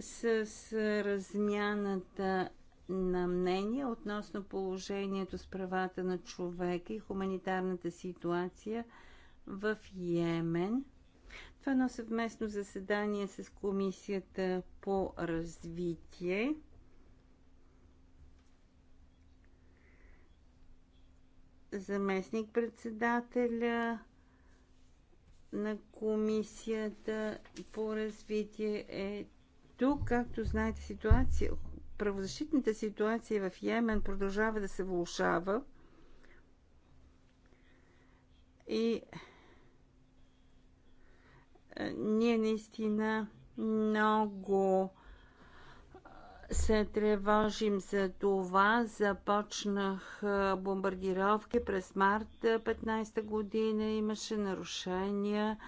с размяната на мнение относно положението с правата на човека и хуманитарната ситуация в Йемен. Това е едно съвместно заседание с Комисията по развитие. Заместник председателя на Комисията по развитие е тук, както знаете, ситуация, правозащитната ситуация в Йемен продължава да се влушава и е, ние наистина много е, се тревожим за това. Започнах е, бомбардировки през март 15 година. Имаше нарушения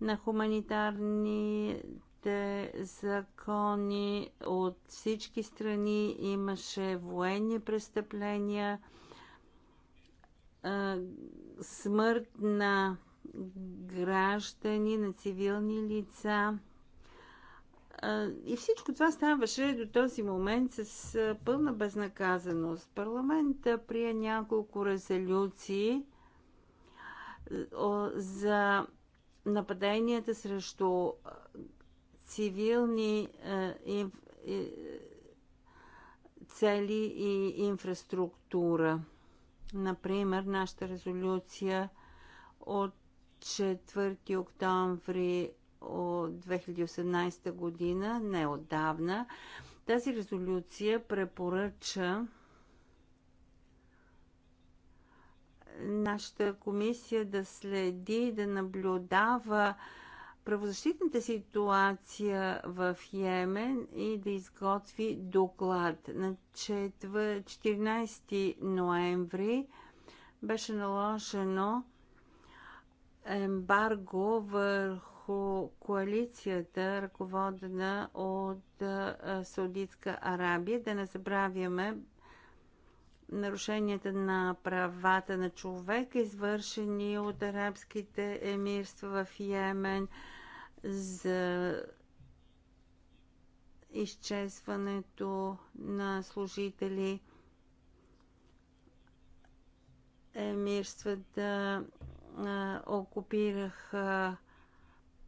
на хуманитарни всичките закони от всички страни. Имаше военни престъпления, смърт на граждани, на цивилни лица. И всичко това ставаше до този момент с пълна безнаказаност. Парламента прие няколко резолюции за нападенията срещу цивилни е, е, цели и инфраструктура. Например, нашата резолюция от 4 октомври от 2018 година, не отдавна, тази резолюция препоръча нашата комисия да следи, да наблюдава правозащитната ситуация в Йемен и да изготви доклад. На 14 ноември беше наложено ембарго върху коалицията, ръководена от Саудитска Арабия. Да не забравяме нарушенията на правата на човека, извършени от арабските емирства в Йемен – за изчезването на служители емирствата да окупираха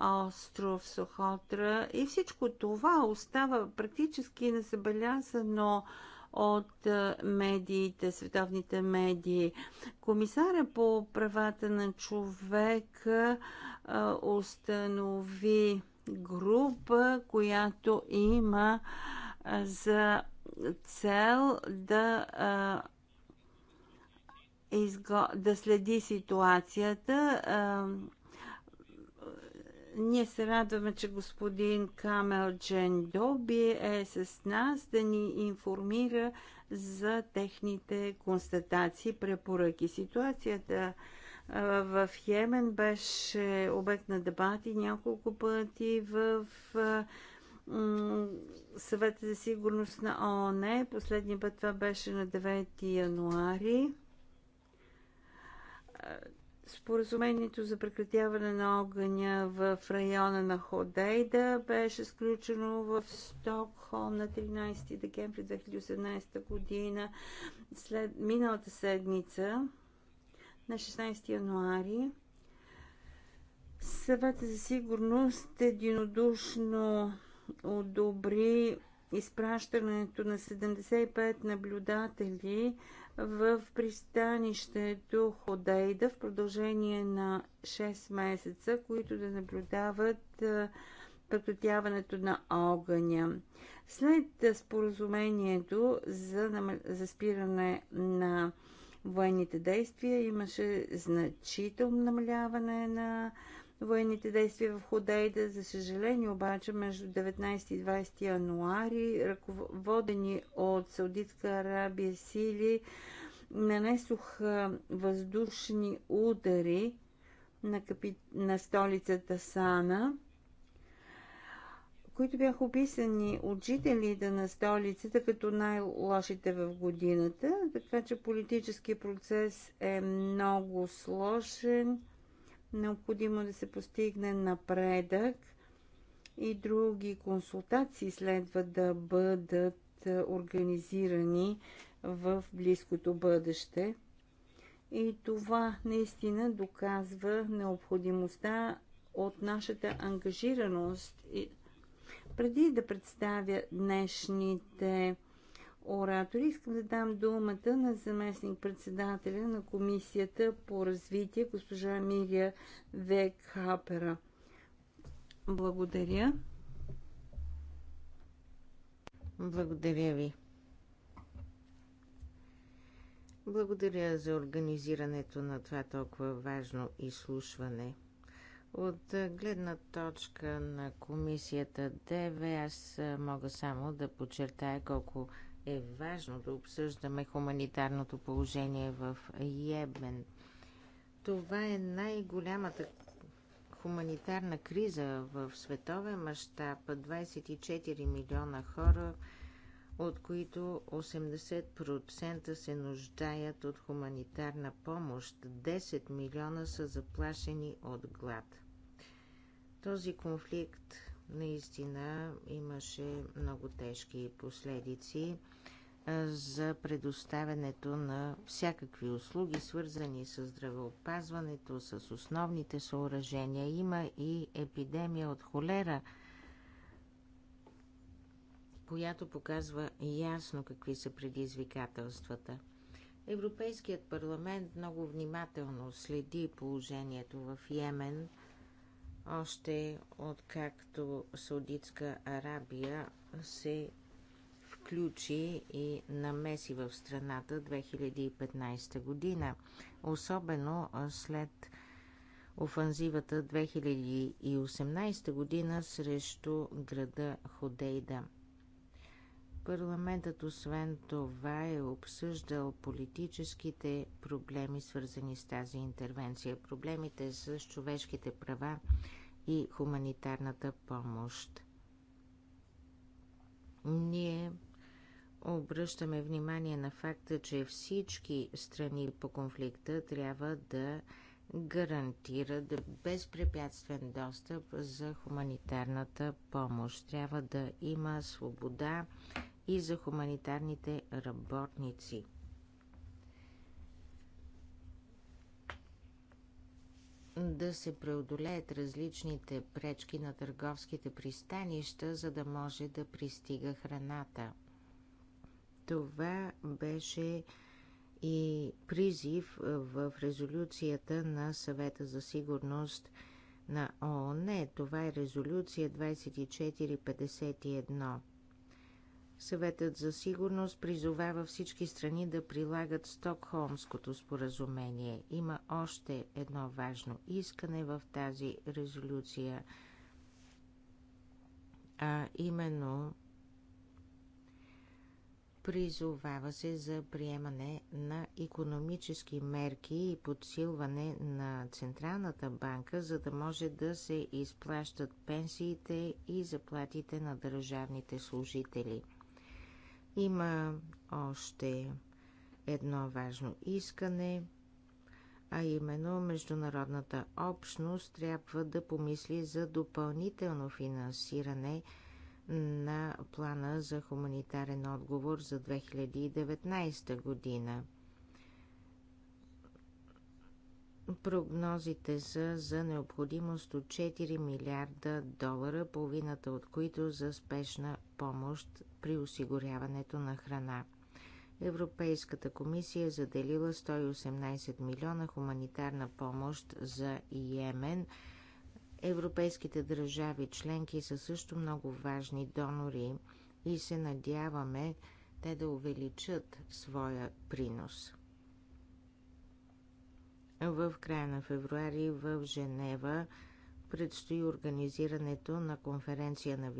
остров Сухотра и всичко това остава практически незабелязано от е, медиите, световните медии. Комисаря по правата на човека е, установи група, която има е, за цел да да следи ситуацията. Ние се радваме, че господин Камел Джендоби е с нас да ни информира за техните констатации, препоръки. Ситуацията в Йемен беше обект на дебати няколко пъти в съвета за сигурност на ООН. Последния път това беше на 9 януари. Споразумението за прекратяване на огъня в района на Ходейда беше сключено в Стокхолм на 13 декември 2018 година. След миналата седмица, на 16 януари, Съвета за сигурност единодушно одобри изпращането на 75 наблюдатели в пристанището Ходейда в продължение на 6 месеца, които да наблюдават прекратяването на огъня. След споразумението за, нам... за спиране на военните действия имаше значително намаляване на военните действия в Ходейда. За съжаление обаче между 19 и 20 януари, ръководени от Саудитска Арабия сили, нанесоха въздушни удари на, на столицата Сана, които бяха описани от жителите на столицата като най-лошите в годината, така че политическият процес е много сложен Необходимо да се постигне напредък и други консултации следва да бъдат организирани в близкото бъдеще. И това наистина доказва необходимостта от нашата ангажираност. И преди да представя днешните оратори. Искам да дам думата на заместник-председателя на Комисията по развитие, госпожа Мирия Векхапера. Благодаря. Благодаря ви. Благодаря за организирането на това толкова важно изслушване. От гледна точка на комисията ДВ аз мога само да подчертая колко е важно да обсъждаме хуманитарното положение в Йемен. Това е най-голямата хуманитарна криза в световен мащаб. 24 милиона хора, от които 80% се нуждаят от хуманитарна помощ. 10 милиона са заплашени от глад. Този конфликт наистина имаше много тежки последици за предоставянето на всякакви услуги, свързани с здравеопазването, с основните съоръжения. Има и епидемия от холера, която показва ясно какви са предизвикателствата. Европейският парламент много внимателно следи положението в Йемен – още откакто Саудитска Арабия се включи и намеси в страната 2015 година, особено след офанзивата 2018 година срещу града Ходейда. Парламентът освен това е обсъждал политическите проблеми, свързани с тази интервенция, проблемите с човешките права, и хуманитарната помощ. Ние обръщаме внимание на факта, че всички страни по конфликта трябва да гарантират безпрепятствен достъп за хуманитарната помощ. Трябва да има свобода и за хуманитарните работници – да се преодолеят различните пречки на търговските пристанища, за да може да пристига храната. Това беше и призив в резолюцията на съвета за сигурност на ООН. Това е резолюция 2451. Съветът за сигурност призовава всички страни да прилагат Стокхолмското споразумение. Има още едно важно искане в тази резолюция, а именно призовава се за приемане на економически мерки и подсилване на Централната банка, за да може да се изплащат пенсиите и заплатите на държавните служители – има още едно важно искане, а именно международната общност трябва да помисли за допълнително финансиране на плана за хуманитарен отговор за 2019 година. Прогнозите са за необходимост от 4 милиарда долара, половината от които за спешна помощ при осигуряването на храна. Европейската комисия е заделила 118 милиона хуманитарна помощ за Йемен. Европейските държави членки са също много важни донори и се надяваме те да увеличат своя принос. В края на февруари в Женева предстои организирането на конференция на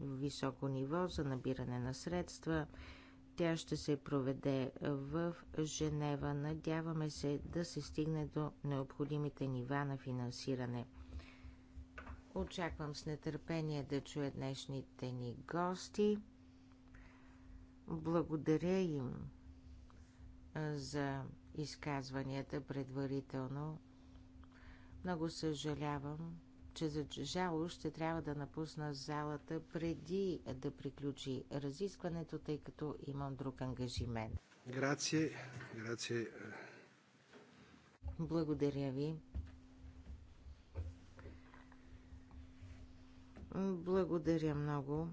високо ниво за набиране на средства. Тя ще се проведе в Женева. Надяваме се да се стигне до необходимите нива на финансиране. Очаквам с нетърпение да чуя днешните ни гости. Благодаря им за изказванията предварително много съжалявам, че за жало ще трябва да напусна залата преди да приключи разискването, тъй като имам друг ангажимент. Грация, грация. Благодаря ви. Благодаря много.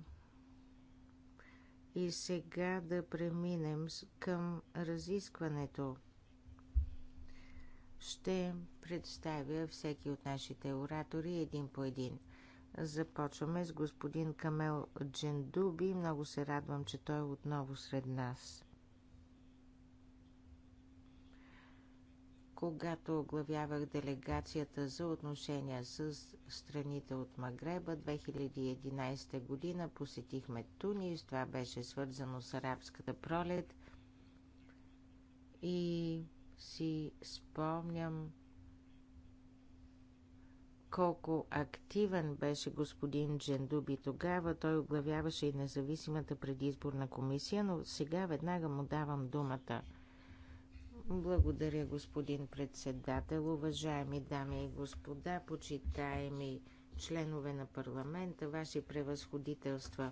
И сега да преминем към разискването ще представя всеки от нашите оратори един по един. Започваме с господин Камел Джендуби. Много се радвам, че той е отново сред нас. Когато оглавявах делегацията за отношения с страните от Магреба 2011 година, посетихме Тунис. Това беше свързано с арабската пролет и си спомням колко активен беше господин Джендуби тогава. Той оглавяваше и независимата предизборна комисия, но сега веднага му давам думата. Благодаря, господин председател, уважаеми дами и господа, почитаеми членове на парламента, ваши превъзходителства.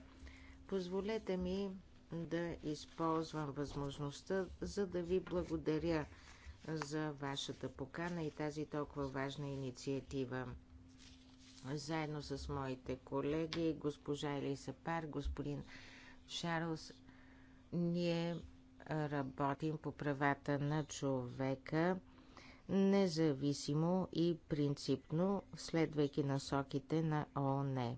Позволете ми да използвам възможността, за да ви благодаря – за вашата покана и тази толкова важна инициатива. Заедно с моите колеги, госпожа Елиса Пар, господин Шарлс, ние работим по правата на човека независимо и принципно, следвайки насоките на ООН.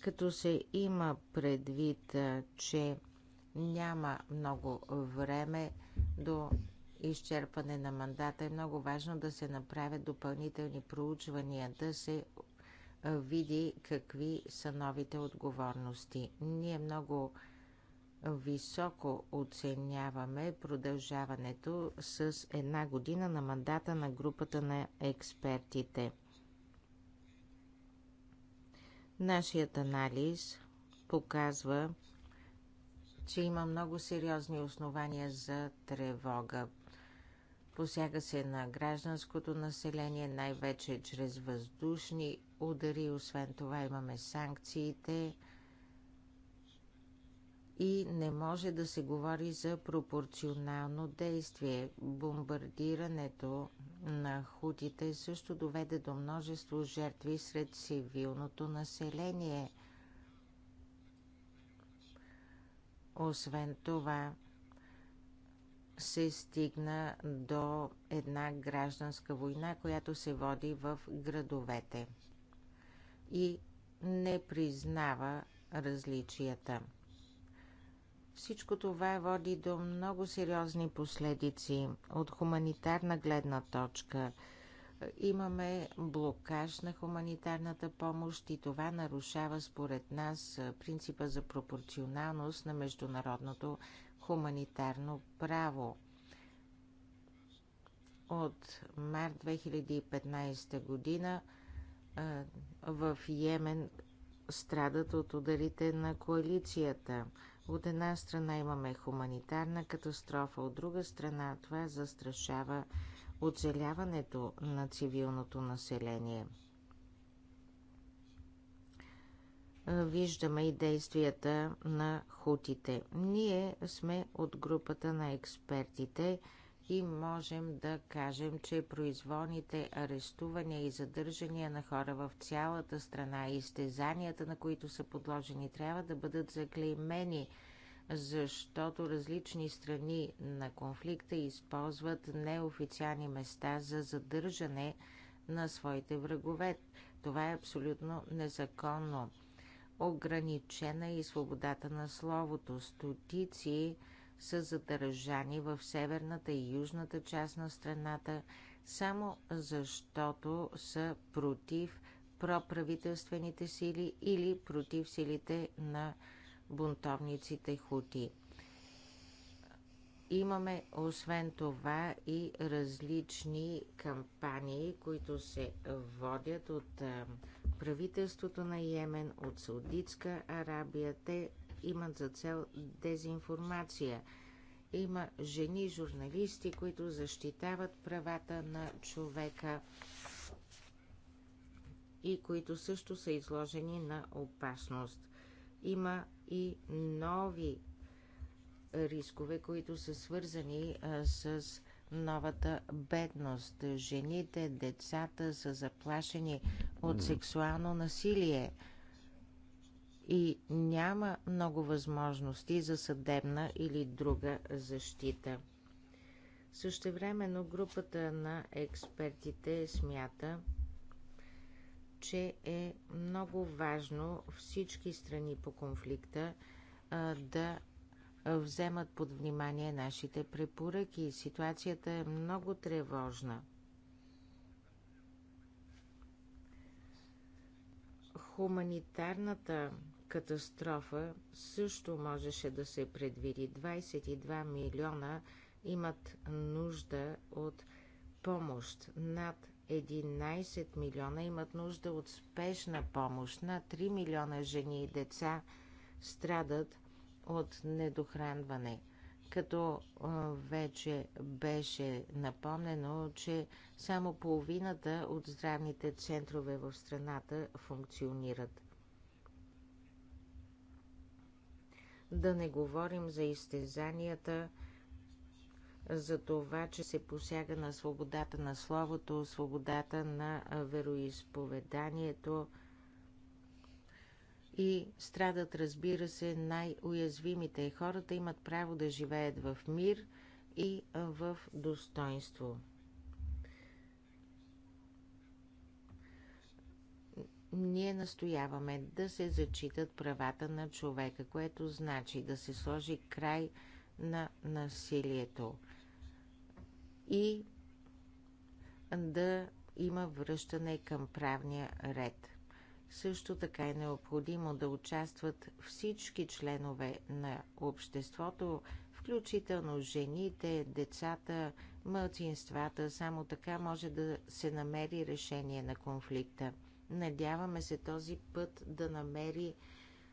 Като се има предвид, че няма много време до изчерпване на мандата е много важно да се направят допълнителни проучвания, да се види какви са новите отговорности. Ние много високо оценяваме продължаването с една година на мандата на групата на експертите. Нашият анализ показва, че има много сериозни основания за тревога. Посяга се на гражданското население, най-вече чрез въздушни удари. Освен това имаме санкциите и не може да се говори за пропорционално действие. Бомбардирането на хутите също доведе до множество жертви сред цивилното население. Освен това, се стигна до една гражданска война, която се води в градовете и не признава различията. Всичко това води до много сериозни последици от хуманитарна гледна точка. Имаме блокаж на хуманитарната помощ и това нарушава според нас принципа за пропорционалност на международното хуманитарно право. От март 2015 година в Йемен страдат от ударите на коалицията. От една страна имаме хуманитарна катастрофа, от друга страна това застрашава оцеляването на цивилното население – виждаме и действията на хутите. Ние сме от групата на експертите и можем да кажем, че произволните арестувания и задържания на хора в цялата страна и изтезанията, на които са подложени, трябва да бъдат заклеймени, защото различни страни на конфликта използват неофициални места за задържане на своите врагове. Това е абсолютно незаконно. Ограничена е и свободата на словото. Стотици са задържани в северната и южната част на страната, само защото са против проправителствените сили или против силите на бунтовниците хути. Имаме освен това и различни кампании, които се водят от правителството на Йемен, от Саудитска Арабия. Те имат за цел дезинформация. Има жени журналисти, които защитават правата на човека и които също са изложени на опасност. Има и нови рискове, които са свързани с новата бедност. Жените, децата са заплашени от сексуално насилие и няма много възможности за съдебна или друга защита. Същевременно групата на експертите смята, че е много важно всички страни по конфликта а, да вземат под внимание нашите препоръки. Ситуацията е много тревожна. Хуманитарната катастрофа също можеше да се предвиди. 22 милиона имат нужда от помощ. Над 11 милиона имат нужда от спешна помощ. Над 3 милиона жени и деца страдат от недохранване. Като вече беше напомнено, че само половината от здравните центрове в страната функционират. Да не говорим за изтезанията, за това, че се посяга на свободата на словото, свободата на вероисповеданието – и страдат, разбира се, най-уязвимите. Хората имат право да живеят в мир и в достоинство. Ние настояваме да се зачитат правата на човека, което значи да се сложи край на насилието и да има връщане към правния ред. Също така е необходимо да участват всички членове на обществото, включително жените, децата, мълцинствата. Само така може да се намери решение на конфликта. Надяваме се този път да намери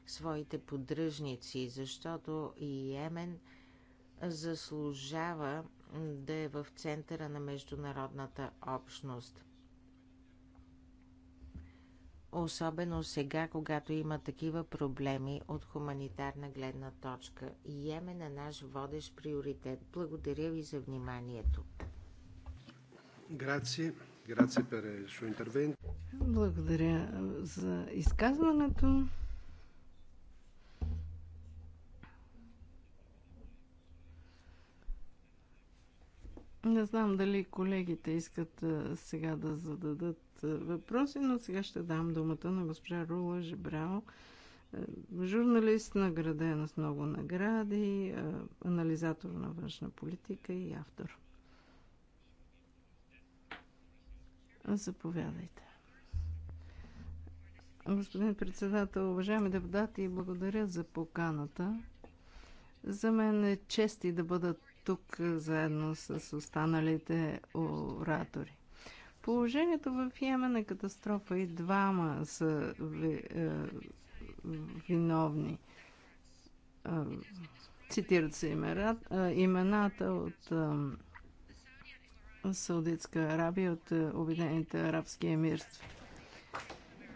своите поддръжници, защото и Йемен заслужава да е в центъра на международната общност особено сега, когато има такива проблеми от хуманитарна гледна точка. Йемен е наш водещ приоритет. Благодаря ви за вниманието. Грация. Грация per Благодаря за изказването. Не знам дали колегите искат сега да зададат въпроси, но сега ще дам думата на госпожа Рула Жебрао, е, журналист, наградена с много награди, е, анализатор на външна политика и автор. Заповядайте. Господин председател, уважаеми депутати, благодаря за поканата. За мен е чести да бъда тук заедно с останалите оратори. Положението в Йемен е катастрофа и двама са ви, е, виновни. Е, цитират се е, имената от е, Саудитска Арабия, от е, Обединените арабски емирства.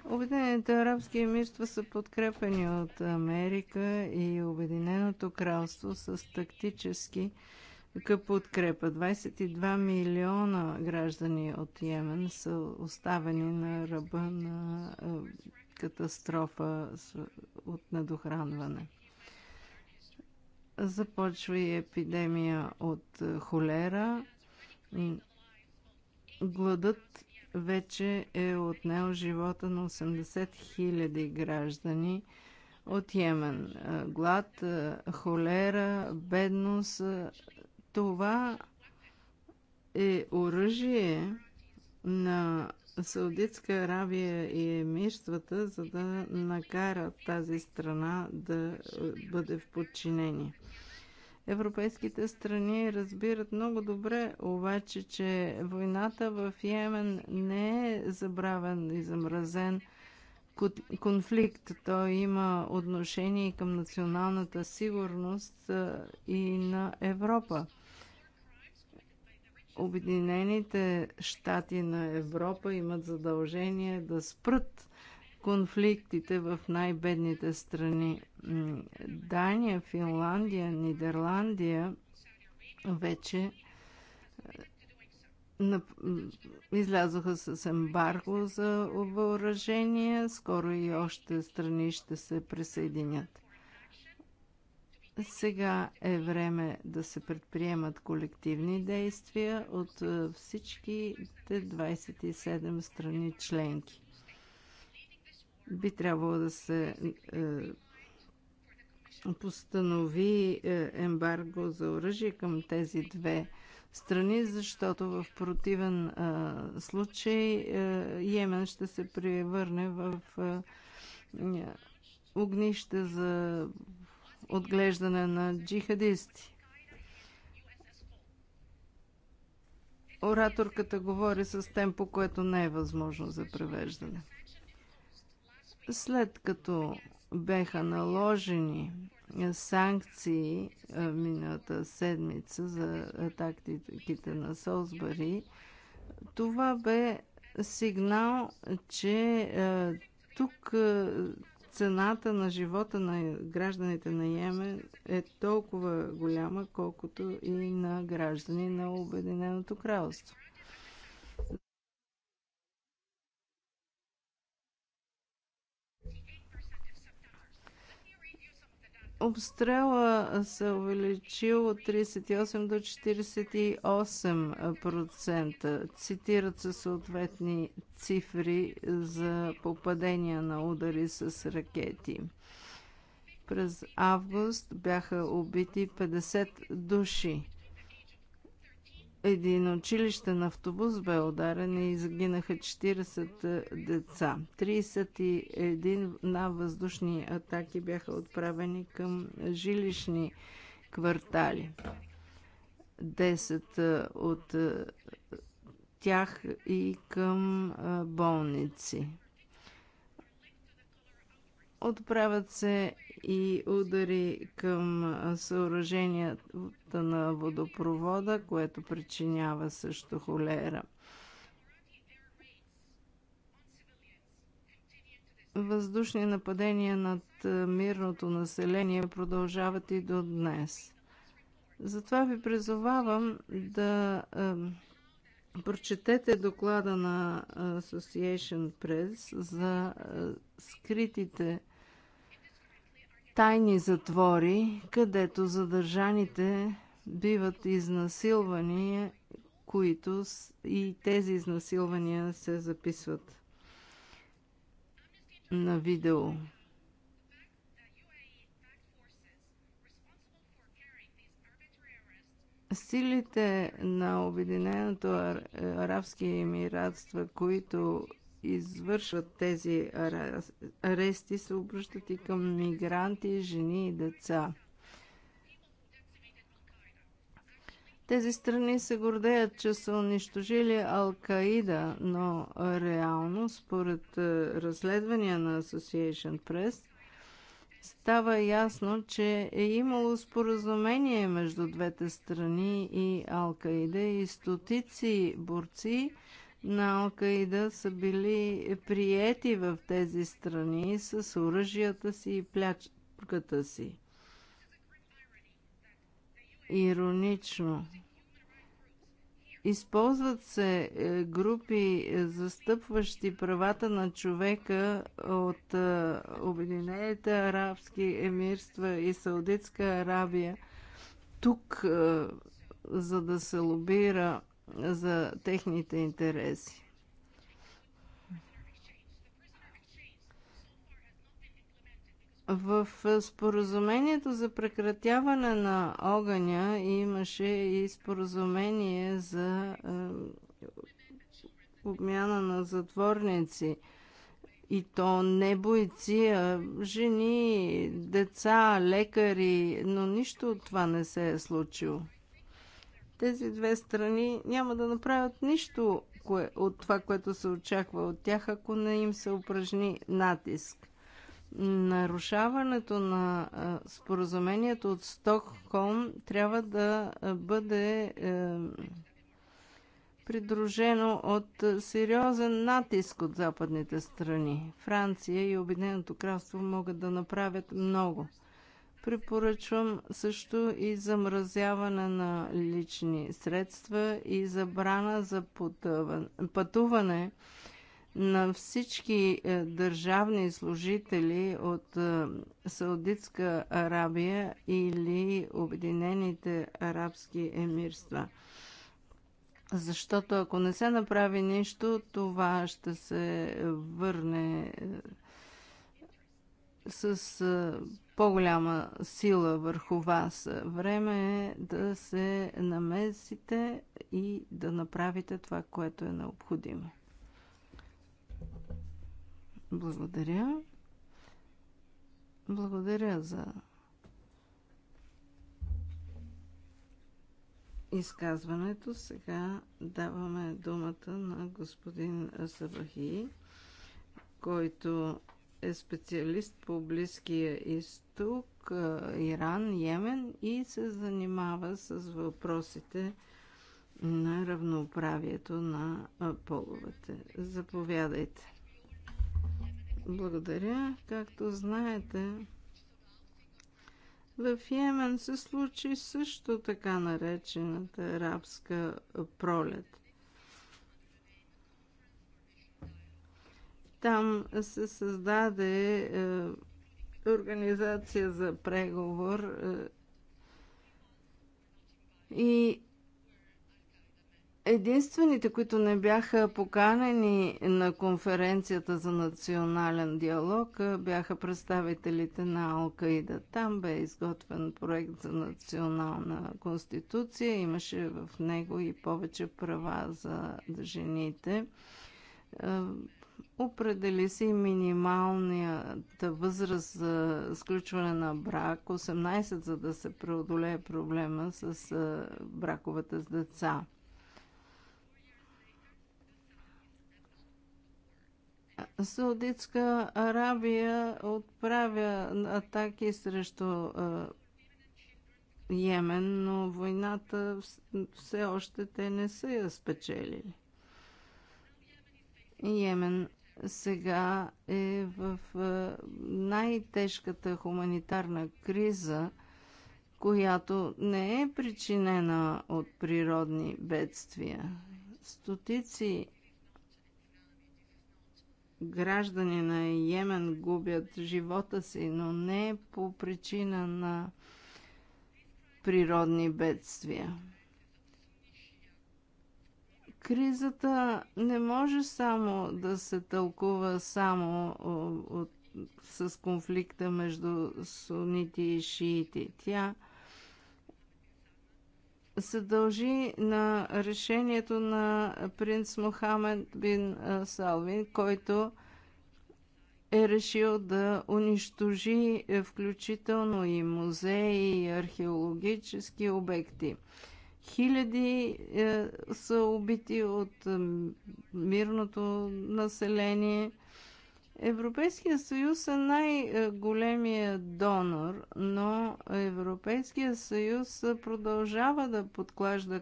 Обединените арабски емирства са подкрепени от Америка и Обединеното кралство с тактически е, е подкрепа. 22 милиона граждани от Йемен са оставени на ръба на е, катастрофа от недохранване. Започва и епидемия от е, холера. Гладът вече е отнел живота на 80 000 граждани от Йемен. Глад, холера, бедност това е оръжие на Саудитска Аравия и емирствата, за да накарат тази страна да бъде в подчинение. Европейските страни разбират много добре, обаче, че войната в Йемен не е забравен и замразен конфликт. Той има отношение към националната сигурност и на Европа. Обединените щати на Европа имат задължение да спрат конфликтите в най-бедните страни. Дания, Финландия, Нидерландия вече е, излязоха с ембарго за въоръжение. Скоро и още страни ще се присъединят. Сега е време да се предприемат колективни действия от е, всичките 27 страни членки. Би трябвало да се е, постанови е, ембарго за оръжие към тези две страни, защото в противен е, случай е, Йемен ще се превърне в е, огнище за отглеждане на джихадисти. Ораторката говори с темпо, което не е възможно за превеждане. След като беха наложени санкции миналата седмица за тактиките на Солсбари, това бе сигнал, че тук цената на живота на гражданите на Йемен е толкова голяма, колкото и на граждани на Обединеното кралство. обстрела се увеличил от 38 до 48%. Цитират се съответни цифри за попадения на удари с ракети. През август бяха убити 50 души един училищен автобус бе ударен и загинаха 40 е, деца. 31 на въздушни атаки бяха отправени към жилищни квартали. 10 е, от е, тях и към болници. Отправят се и удари към съоръженията на водопровода, което причинява също холера. Въздушни нападения над мирното население продължават и до днес. Затова ви призовавам да прочетете доклада на Association Press за скритите тайни затвори, където задържаните биват изнасилвани, които и тези изнасилвания се записват на видео. Силите на Обединеното арабски емиратства, които извършват тези арести, се обръщат и към мигранти, жени и деца. Тези страни се гордеят, че са унищожили Ал-Каида, но реално, според е, разследвания на Association Press, става ясно, че е имало споразумение между двете страни и Ал-Каида и стотици борци на Алкаида са били приети в тези страни с оръжията си и плячката си. Иронично. Използват се е, групи, е, застъпващи правата на човека от е, Обединените арабски емирства и Саудитска Арабия. Тук, за да се лобира за техните интереси. В споразумението за прекратяване на огъня имаше и споразумение за е, обмяна на затворници. И то не бойци, а жени, деца, лекари, но нищо от това не се е случило. Тези две страни няма да направят нищо кое, от това, което се очаква от тях, ако не им се упражни натиск. Нарушаването на споразумението от Стокхолм трябва да бъде е, придружено от сериозен натиск от западните страни. Франция и Обединеното кралство могат да направят много. Препоръчвам също и замразяване на лични средства и забрана за пътуване на всички е, държавни служители от е, Саудитска Арабия или Обединените арабски емирства. Защото ако не се направи нищо, това ще се върне е, с по-голяма сила върху вас. Време е да се намесите и да направите това, което е необходимо. Благодаря. Благодаря за изказването. Сега даваме думата на господин Сабахи, който е специалист по Близкия изток, Иран, Йемен и се занимава с въпросите на равноправието на половете. Заповядайте. Благодаря. Както знаете, в Йемен се случи също така наречената арабска пролет. Там се създаде е, организация за преговор е, и единствените, които не бяха поканени на конференцията за национален диалог, е, бяха представителите на Алкаида. Там бе изготвен проект за национална конституция. Имаше в него и повече права за жените. Е, Определи се и възраст за сключване на брак 18, за да се преодолее проблема с браковете с деца. Саудитска Арабия отправя атаки срещу Йемен, но войната все още те не са я спечелили. Йемен сега е в е, най-тежката хуманитарна криза, която не е причинена от природни бедствия. Стотици граждани на Йемен губят живота си, но не по причина на природни бедствия кризата не може само да се тълкува само от, с конфликта между сунити и шиити. Тя се дължи на решението на принц Мохамед бин Салвин, който е решил да унищожи е, включително и музеи и археологически обекти – Хиляди е, са убити от е, мирното население. Европейския съюз е най-големия донор, но Европейския съюз продължава да подклажда е,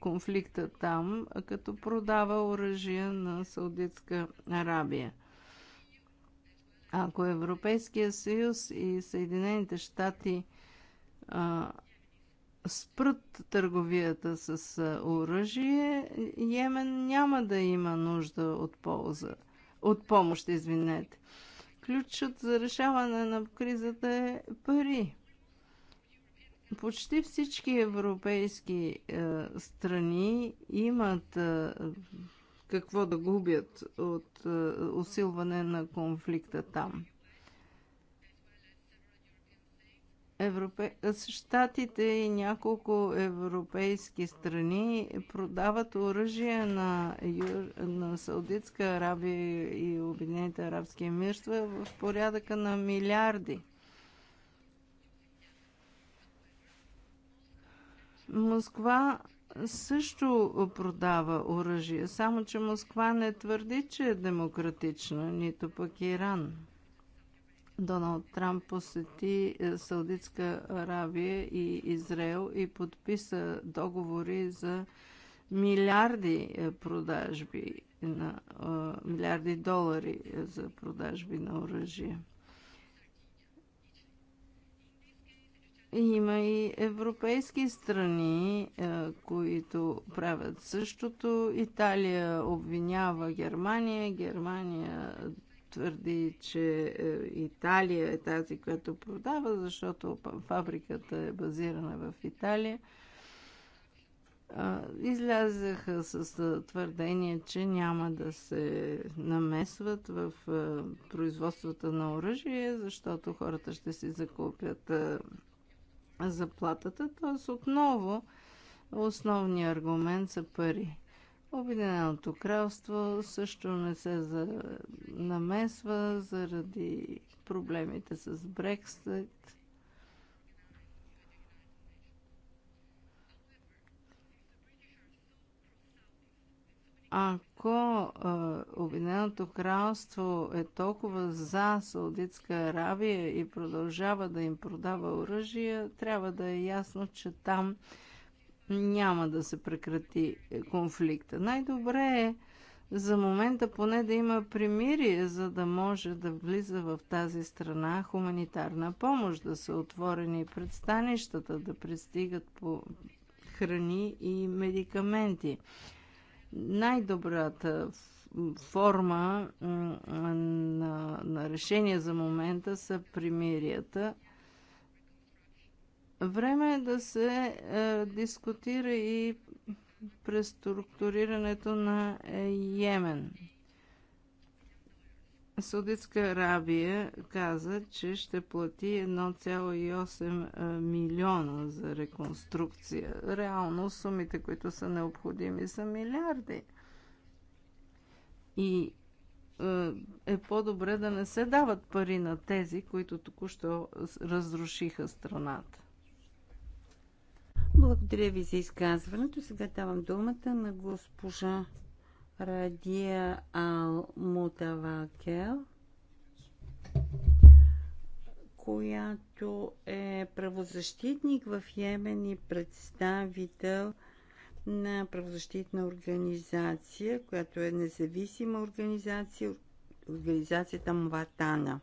конфликта там, като продава оръжия на Саудитска Арабия. Ако Европейския съюз и Съединените щати спрат търговията с оръжие, Йемен няма да има нужда от полза, от помощ, извинете. Ключът за решаване на кризата е пари. Почти всички европейски е, страни имат е, какво да губят от е, усилване на конфликта там. Европе... Штатите и няколко европейски страни продават оръжие на, Юр... на Саудитска Арабия и Обединените арабски емирства в порядъка на милиарди. Москва също продава оръжие, само че Москва не твърди, че е демократична, нито пък Иран. Доналд Трамп посети е, Саудитска Аравия и Израел и подписа договори за милиарди е, продажби на е, милиарди долари за продажби на оръжие. Има и европейски страни, които правят същото. Италия обвинява Германия, Германия твърди, че е, Италия е тази, която продава, защото фабриката е базирана в Италия. Излязаха с е, твърдение, че няма да се намесват в е, производствата на оръжие, защото хората ще си закупят заплатата. Т.е. отново основният аргумент са пари. Обединеното кралство също не се за... намесва заради проблемите с Брексит. Ако Обединеното кралство е толкова за Саудитска Аравия и продължава да им продава оръжия, трябва да е ясно, че там няма да се прекрати конфликта. Най-добре е за момента поне да има примирие, за да може да влиза в тази страна хуманитарна помощ, да са отворени предстанищата, да пристигат по храни и медикаменти. Най-добрата форма на, на решение за момента са примирията Време е да се е, дискутира и преструктурирането на е, Йемен. Саудитска Арабия каза, че ще плати 1,8 е, милиона за реконструкция. Реално сумите, които са необходими, са милиарди. И е, е по-добре да не се дават пари на тези, които току-що разрушиха страната. Благодаря ви за изказването. Сега давам думата на госпожа Радия Ал Мутавакел, която е правозащитник в Йемен и представител на правозащитна организация, която е независима организация, организацията Мватана.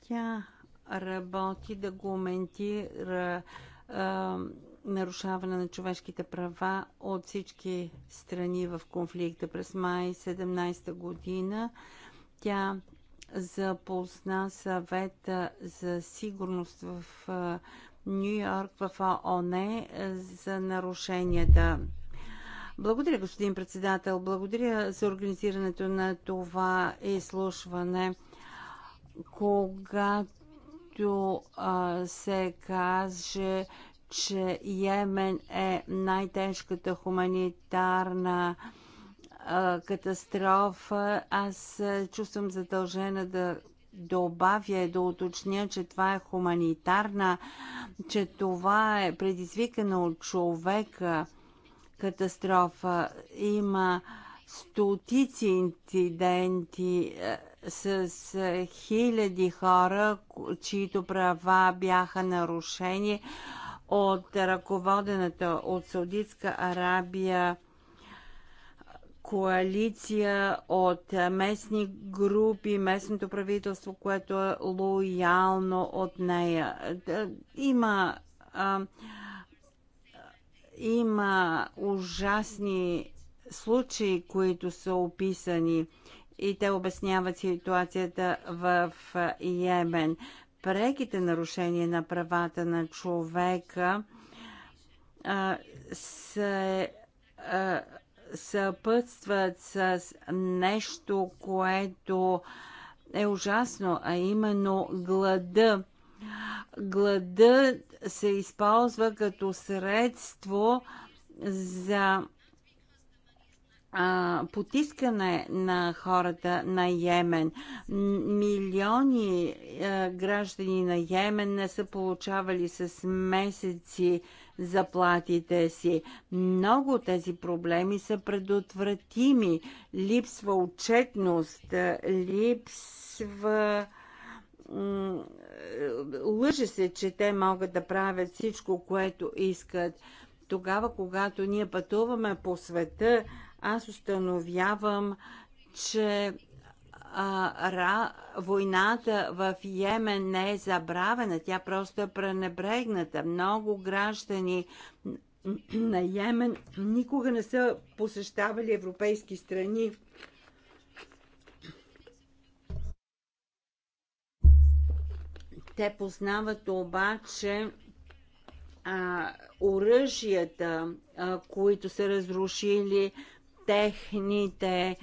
Тя работи да коментира нарушаване на човешките права от всички страни в конфликта. През май 17 година тя запозна съвета за сигурност в Нью Йорк в ООН за нарушенията. Благодаря, господин председател. Благодаря за организирането на това изслушване. Когато който а, се каже, че Йемен е най-тежката хуманитарна а, катастрофа, аз чувствам задължена да добавя и да уточня, че това е хуманитарна, че това е предизвикана от човека катастрофа. Има стотици инциденти с хиляди хора, чието права бяха нарушени от ръководената от Саудитска Арабия коалиция от местни групи, местното правителство, което е лоялно от нея. Има, а, има ужасни случаи, които са описани и те обясняват ситуацията в Йемен. Преките нарушения на правата на човека а, се а, съпътстват с нещо, което е ужасно, а именно глада. Гладът се използва като средство за а, потискане на хората на Йемен. Милиони а, е, граждани на Йемен не са получавали с месеци заплатите си. Много тези проблеми са предотвратими. Липсва отчетност, е, липсва е, лъже се, че те могат да правят всичко, което искат. Тогава, когато ние пътуваме по света, аз установявам, че а, ра, войната в Йемен не е забравена, тя просто е пренебрегната. Много граждани на Йемен никога не са посещавали европейски страни. Те познават обаче а, оръжията, а, които са разрушили техните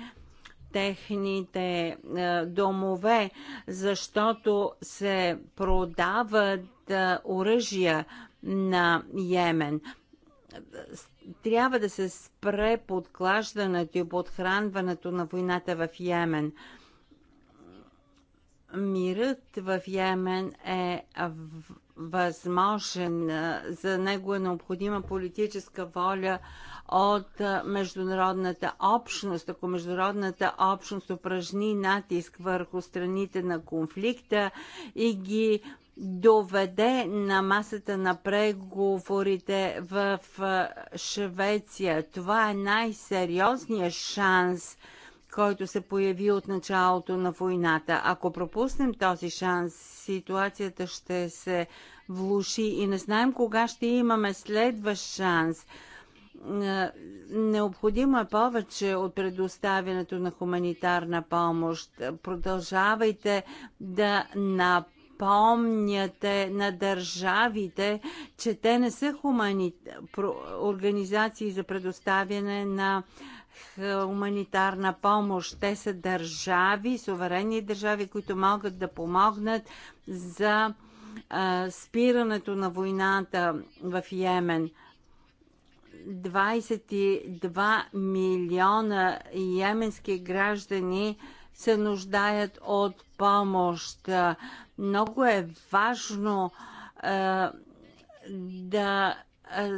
техните е, домове, защото се продават е, оръжия на Йемен. Трябва да се спре подклаждането и подхранването на войната в Йемен. Мирът в Йемен е възможен. Е, за него е необходима политическа воля от международната общност. Ако международната общност упражни натиск върху страните на конфликта и ги доведе на масата на преговорите в Швеция. Това е най-сериозният шанс, който се появи от началото на войната. Ако пропуснем този шанс, ситуацията ще се влуши и не знаем кога ще имаме следващ шанс – е, необходимо е повече от предоставянето на хуманитарна помощ. Продължавайте да напомняте помняте на държавите, че те не са хумани... организации за предоставяне на хуманитарна помощ. Те са държави, суверенни държави, които могат да помогнат за а, спирането на войната в Йемен. 22 милиона йеменски граждани се нуждаят от помощ. Много е важно е, да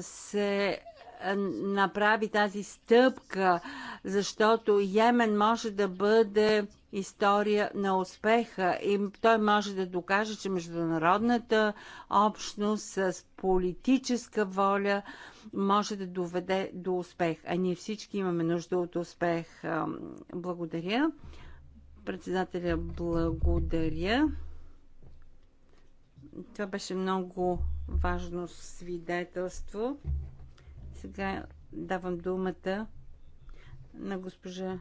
се направи тази стъпка, защото Йемен може да бъде история на успеха и той може да докаже, че международната общност с политическа воля може да доведе до успех. А ние всички имаме нужда от успех. Благодаря. Председателя, благодаря. Това беше много важно свидетелство. Сега давам думата на госпожа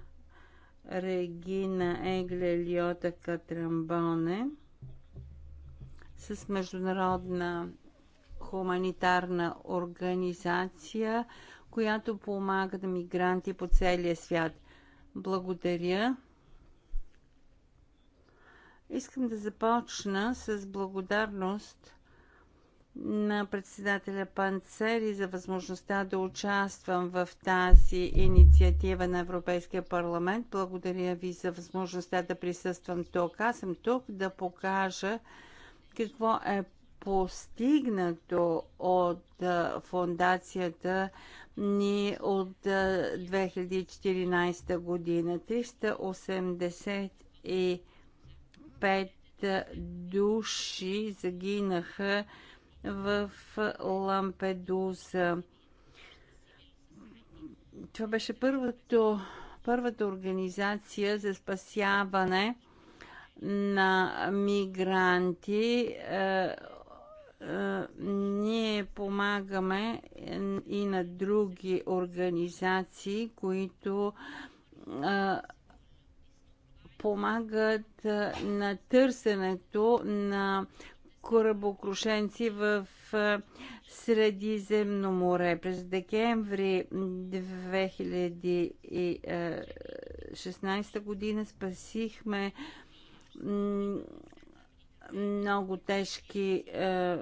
Регина Егле Лиота Катрамбоне с международна хуманитарна организация, която помага на мигранти по целия свят. Благодаря. Искам да започна с благодарност на председателя Панцери за възможността да участвам в тази инициатива на Европейския парламент. Благодаря ви за възможността да присъствам тук. Аз съм тук да покажа какво е постигнато от фондацията ни от 2014 година. 385 души загинаха в Лампедуза. Това беше първото, първата организация за спасяване на мигранти е, ние помагаме и на други организации, които помагат на търсенето на корабокрушенци в Средиземно море. През декември 2016 година спасихме много тежки е,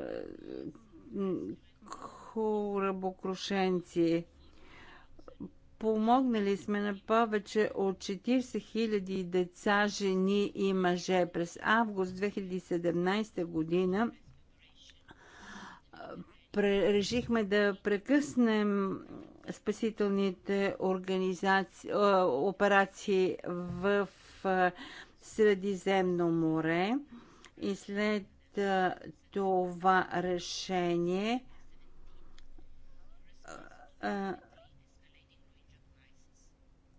Помогнали сме на повече от 40 000 деца, жени и мъже през август 2017 година. Е, решихме да прекъснем спасителните организации, е, операции в е, Средиземно море и след това решение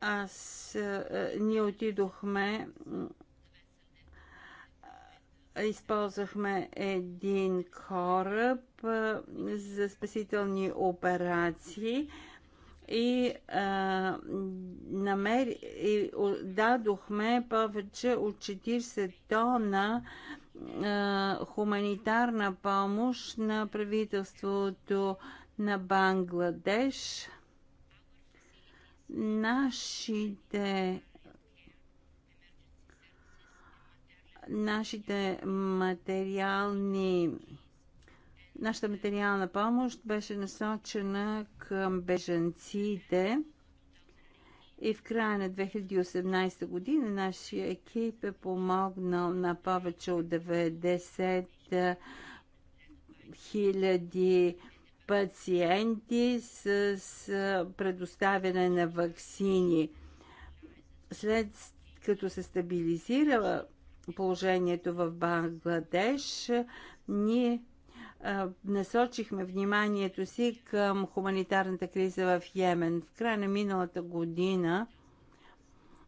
аз ние отидохме използвахме един кораб за спасителни операции и, а, намери, и дадохме повече от 40 тона хуманитарна помощ на правителството на Бангладеш. Нашите нашите материални нашата материална помощ беше насочена към беженците. И в края на 2018 година нашия екип е помогнал на повече от 90 хиляди пациенти с, предоставяне на вакцини. След като се стабилизира положението в Бангладеш, ние насочихме вниманието си към хуманитарната криза в Йемен. В края на миналата година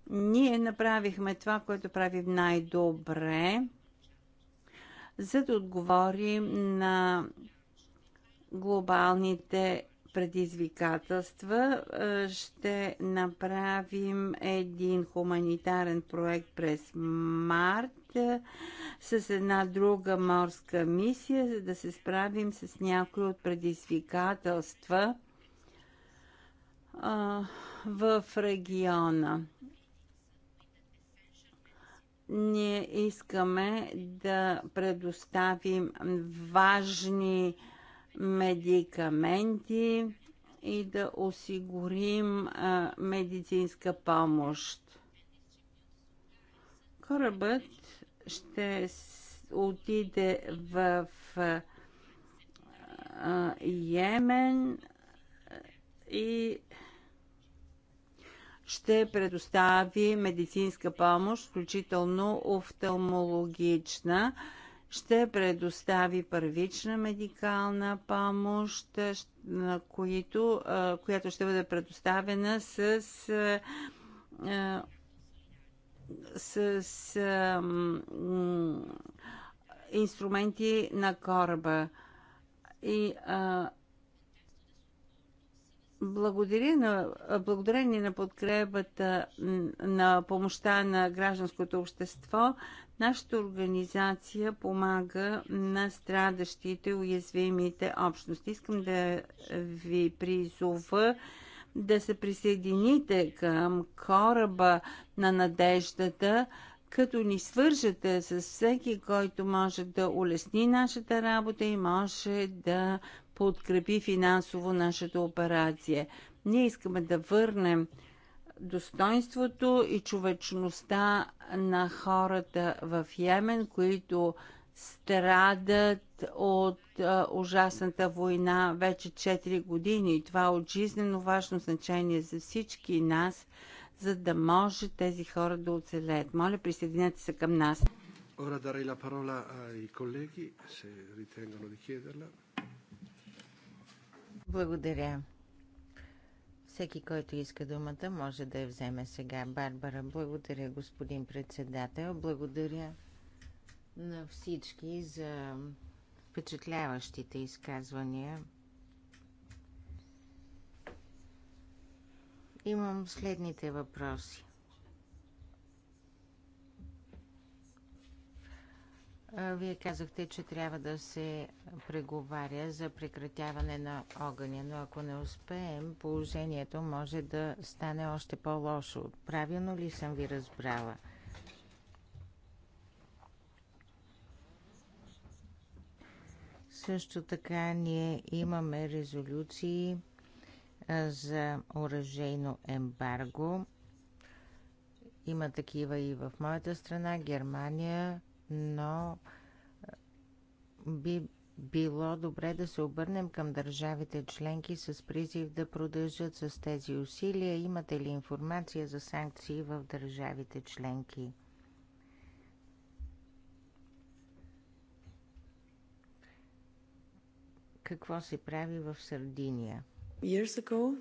ние направихме това, което правим най-добре, за да отговорим на глобалните предизвикателства. Е, ще направим един хуманитарен проект през март е, с една друга морска мисия, за да се справим с някои от предизвикателства е, в региона. Ние искаме да предоставим важни а, медикаменти и да осигурим а, медицинска помощ. Корабът ще отиде в а, Йемен и ще предостави медицинска помощ, включително офталмологична ще предостави първична медикална помощ, на които, която ще бъде предоставена с, с, с инструменти на кораба. И благодаря на, благодарение на подкрепата на помощта на гражданското общество, Нашата организация помага на страдащите, уязвимите общности. Искам да ви призова да се присъедините към кораба на надеждата, като ни свържете с всеки, който може да улесни нашата работа и може да подкрепи финансово нашата операция. Ние искаме да върнем достоинството и човечността на хората в Йемен, които страдат от ужасната война вече 4 години. И това е от жизнено важно значение за всички нас, за да може тези хора да оцелеят. Моля, присъединете се към нас. Ora darei la parola ai colleghi, se ritengono di chiederla. Благодаря. Всеки, който иска думата, може да я вземе сега. Барбара, благодаря, господин председател. Благодаря на всички за впечатляващите изказвания. Имам следните въпроси. Вие казахте, че трябва да се преговаря за прекратяване на огъня, но ако не успеем, положението може да стане още по-лошо. Правилно ли съм ви разбрала? Също така ние имаме резолюции за оръжейно ембарго. Има такива и в моята страна, Германия, но е, би било добре да се обърнем към държавите членки с призив да продължат с тези усилия. Имате ли информация за санкции в държавите членки? Какво се прави в Сърдиния? Years ago,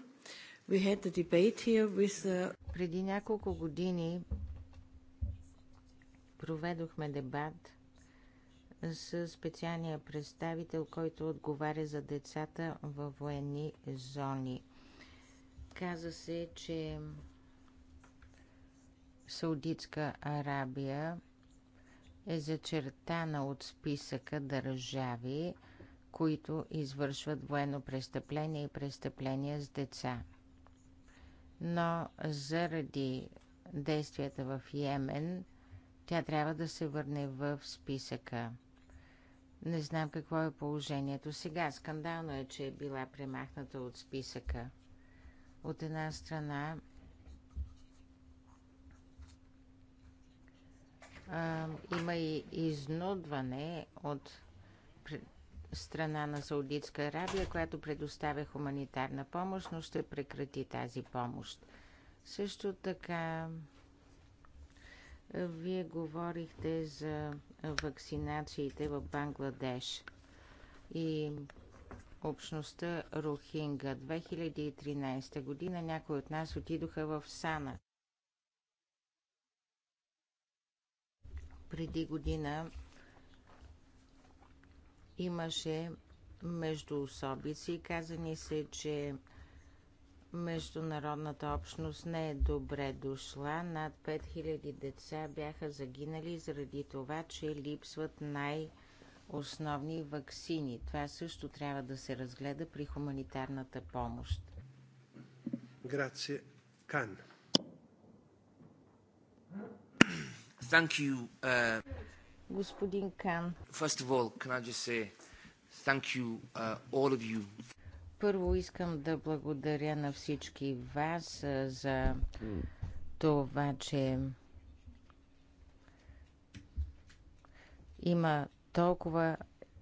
we had a debate here with, uh... Преди няколко години Проведохме дебат с специалния представител, който отговаря за децата във военни зони. Каза се, че Саудитска Арабия е зачертана от списъка държави, които извършват военно престъпление и престъпления с деца. Но заради действията в Йемен тя трябва да се върне в списъка. Не знам какво е положението сега. Скандално е, че е била премахната от списъка. От една страна а, има и изнудване от страна на Саудитска Арабия, която предоставя хуманитарна помощ, но ще прекрати тази помощ. Също така вие говорихте за вакцинациите в Бангладеш и общността Рохинга. 2013 година някои от нас отидоха в Сана. Преди година имаше между особици. казани се, че Международната общност не е добре дошла. Над 5000 деца бяха загинали заради това, че липсват най-основни ваксини. Това също трябва да се разгледа при хуманитарната помощ. Грация. Кан. Thank you, uh... Господин Кан. First of all, can I just say thank you, uh, all of you първо искам да благодаря на всички вас за това, че има толкова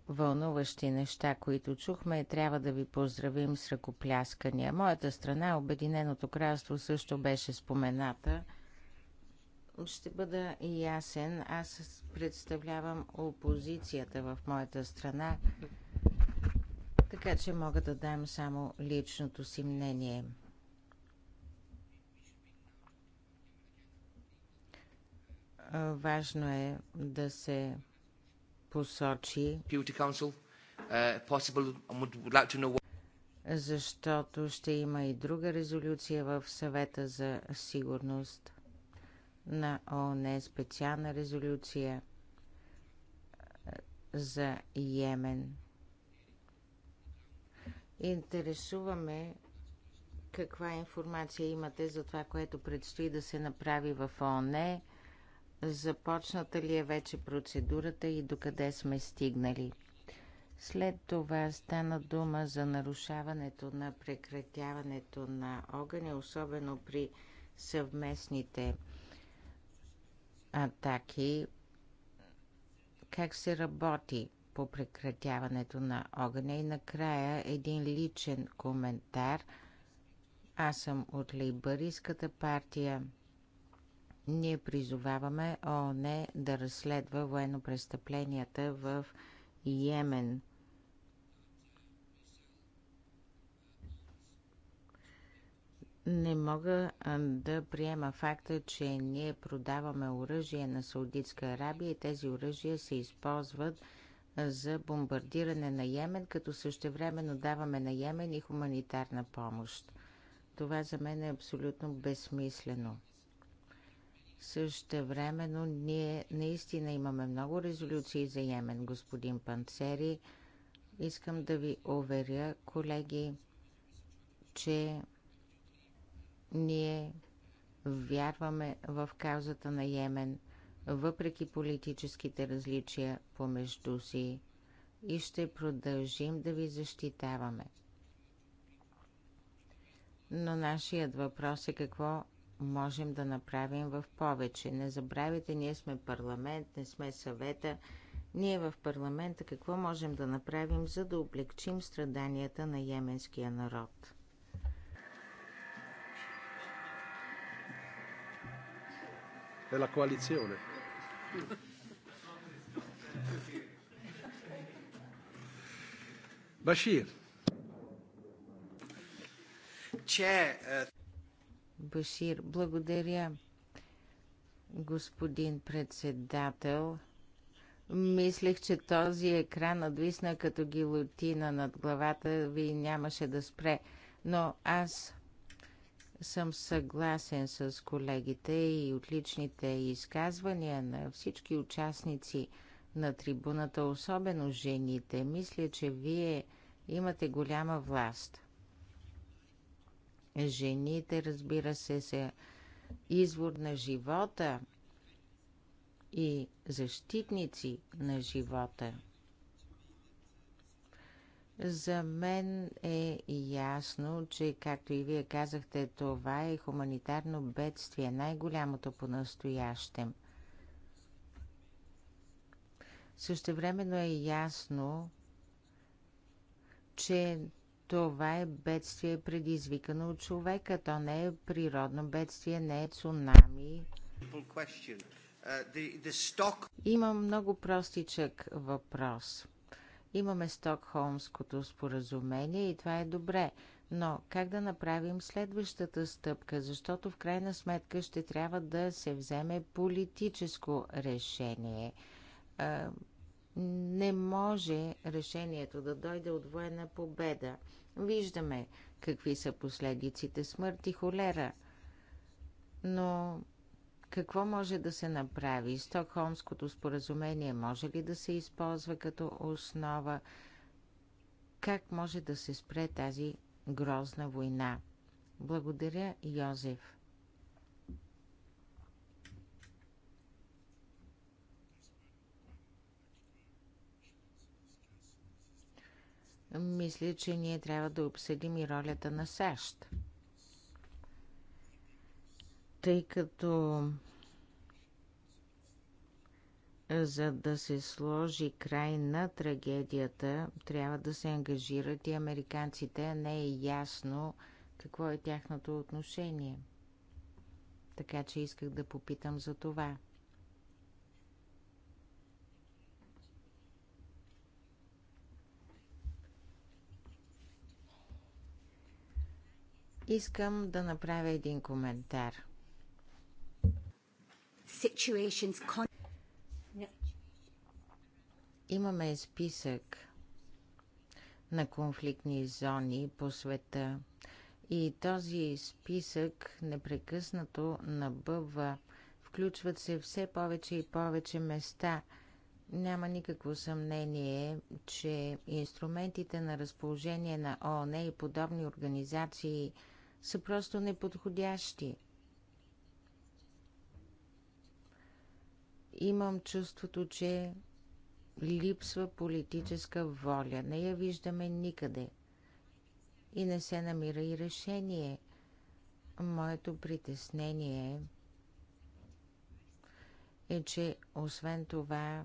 вълнуващи неща, които чухме, трябва да ви поздравим с ръкопляскания. Моята страна, Обединеното кралство, също беше спомената. Ще бъда ясен. Аз представлявам опозицията в моята страна така че мога да дам само личното си мнение. Важно е да се посочи uh, um, защото ще има и друга резолюция в съвета за сигурност на ООН, специална резолюция за Йемен. Интересуваме каква информация имате за това, което предстои да се направи в ООН. Започната ли е вече процедурата и докъде сме стигнали? След това стана дума за нарушаването на прекратяването на огъня, особено при съвместните атаки. Как се работи по прекратяването на огъня. И накрая един личен коментар. Аз съм от лейбъристската партия. Ние призоваваме ООН да разследва военно престъпленията в Йемен. Не мога да приема факта, че ние продаваме оръжие на Саудитска Арабия и тези оръжия се използват за бомбардиране на Йемен, като същевременно даваме на Йемен и хуманитарна помощ. Това за мен е абсолютно безсмислено. Същевременно ние наистина имаме много резолюции за Йемен, господин Панцери. Искам да ви уверя, колеги, че ние вярваме в каузата на Йемен въпреки политическите различия помежду си и ще продължим да ви защитаваме. Но нашият въпрос е какво можем да направим в повече. Не забравяйте, ние сме парламент, не сме съвета. Ние в парламента какво можем да направим, за да облегчим страданията на йеменския народ? Della е, коалиционе. Башир. Че... Uh, Башир, благодаря, господин председател. Мислех, че този екран надвисна като гилотина над главата ви нямаше да спре, но аз съм съгласен с колегите и отличните изказвания на всички участници на трибуната, особено жените. Мисля, че вие имате голяма власт. Жените, разбира се, са извор на живота и защитници на живота – за мен е ясно, че, както и вие казахте, това е хуманитарно бедствие, най-голямото по-настоящем. Същевременно е ясно, че това е бедствие предизвикано от човека. То не е природно бедствие, не е цунами. Uh, Има много простичък въпрос – Имаме Стокхолмското споразумение и това е добре. Но как да направим следващата стъпка, защото в крайна сметка ще трябва да се вземе политическо решение. Не може решението да дойде от военна победа. Виждаме какви са последиците смърт и холера. Но какво може да се направи? Стокхолмското споразумение може ли да се използва като основа? Как може да се спре тази грозна война? Благодаря, Йозеф. Мисля, че ние трябва да обсъдим и ролята на САЩ тъй като за да се сложи край на трагедията, трябва да се ангажират и американците, а не е ясно какво е тяхното отношение. Така че исках да попитам за това. Искам да направя един коментар – situations... Имаме списък на конфликтни зони по света и този списък непрекъснато набъбва. Включват се все повече и повече места. Няма никакво съмнение, че инструментите на разположение на ООН и подобни организации са просто неподходящи – имам чувството, че липсва политическа воля. Не я виждаме никъде. И не се намира и решение. Моето притеснение е, че освен това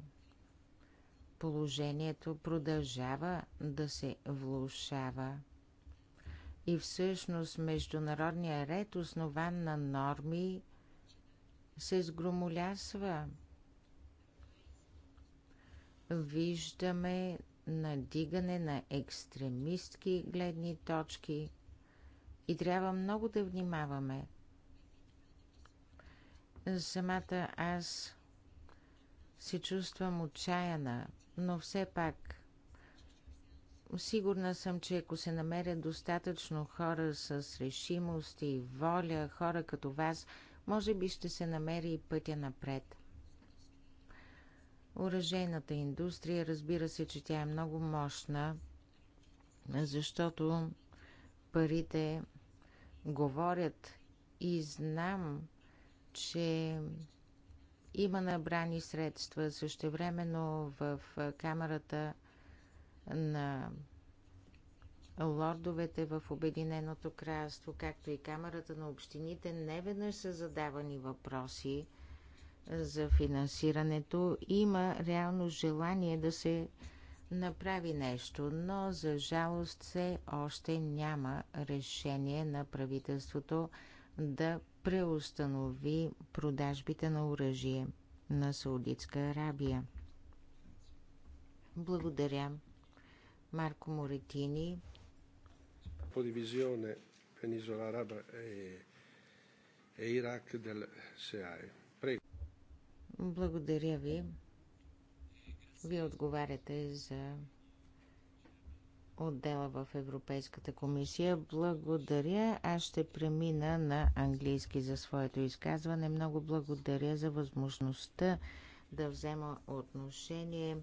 положението продължава да се влушава. И всъщност международния ред, основан на норми, се сгромолясва – виждаме надигане на екстремистки гледни точки и трябва много да внимаваме. Самата аз се чувствам отчаяна, но все пак сигурна съм, че ако се намерят достатъчно хора с решимост и воля, хора като вас, може би ще се намери и пътя напред – Оръжейната индустрия, разбира се, че тя е много мощна, защото парите говорят и знам, че има набрани средства. Същевременно в камерата на лордовете в Обединеното кралство, както и камерата на общините, неведнъж са задавани въпроси – за финансирането. Има реално желание да се направи нещо, но за жалост все още няма решение на правителството да преустанови продажбите на оръжие на Саудитска Арабия. Благодаря. Марко Моретини. По дивизионе Пенизола Араба е, е Ирак дел СЕАЕ. Благодаря ви. Вие отговаряте за отдела в Европейската комисия. Благодаря. Аз ще премина на английски за своето изказване. Много благодаря за възможността да взема отношение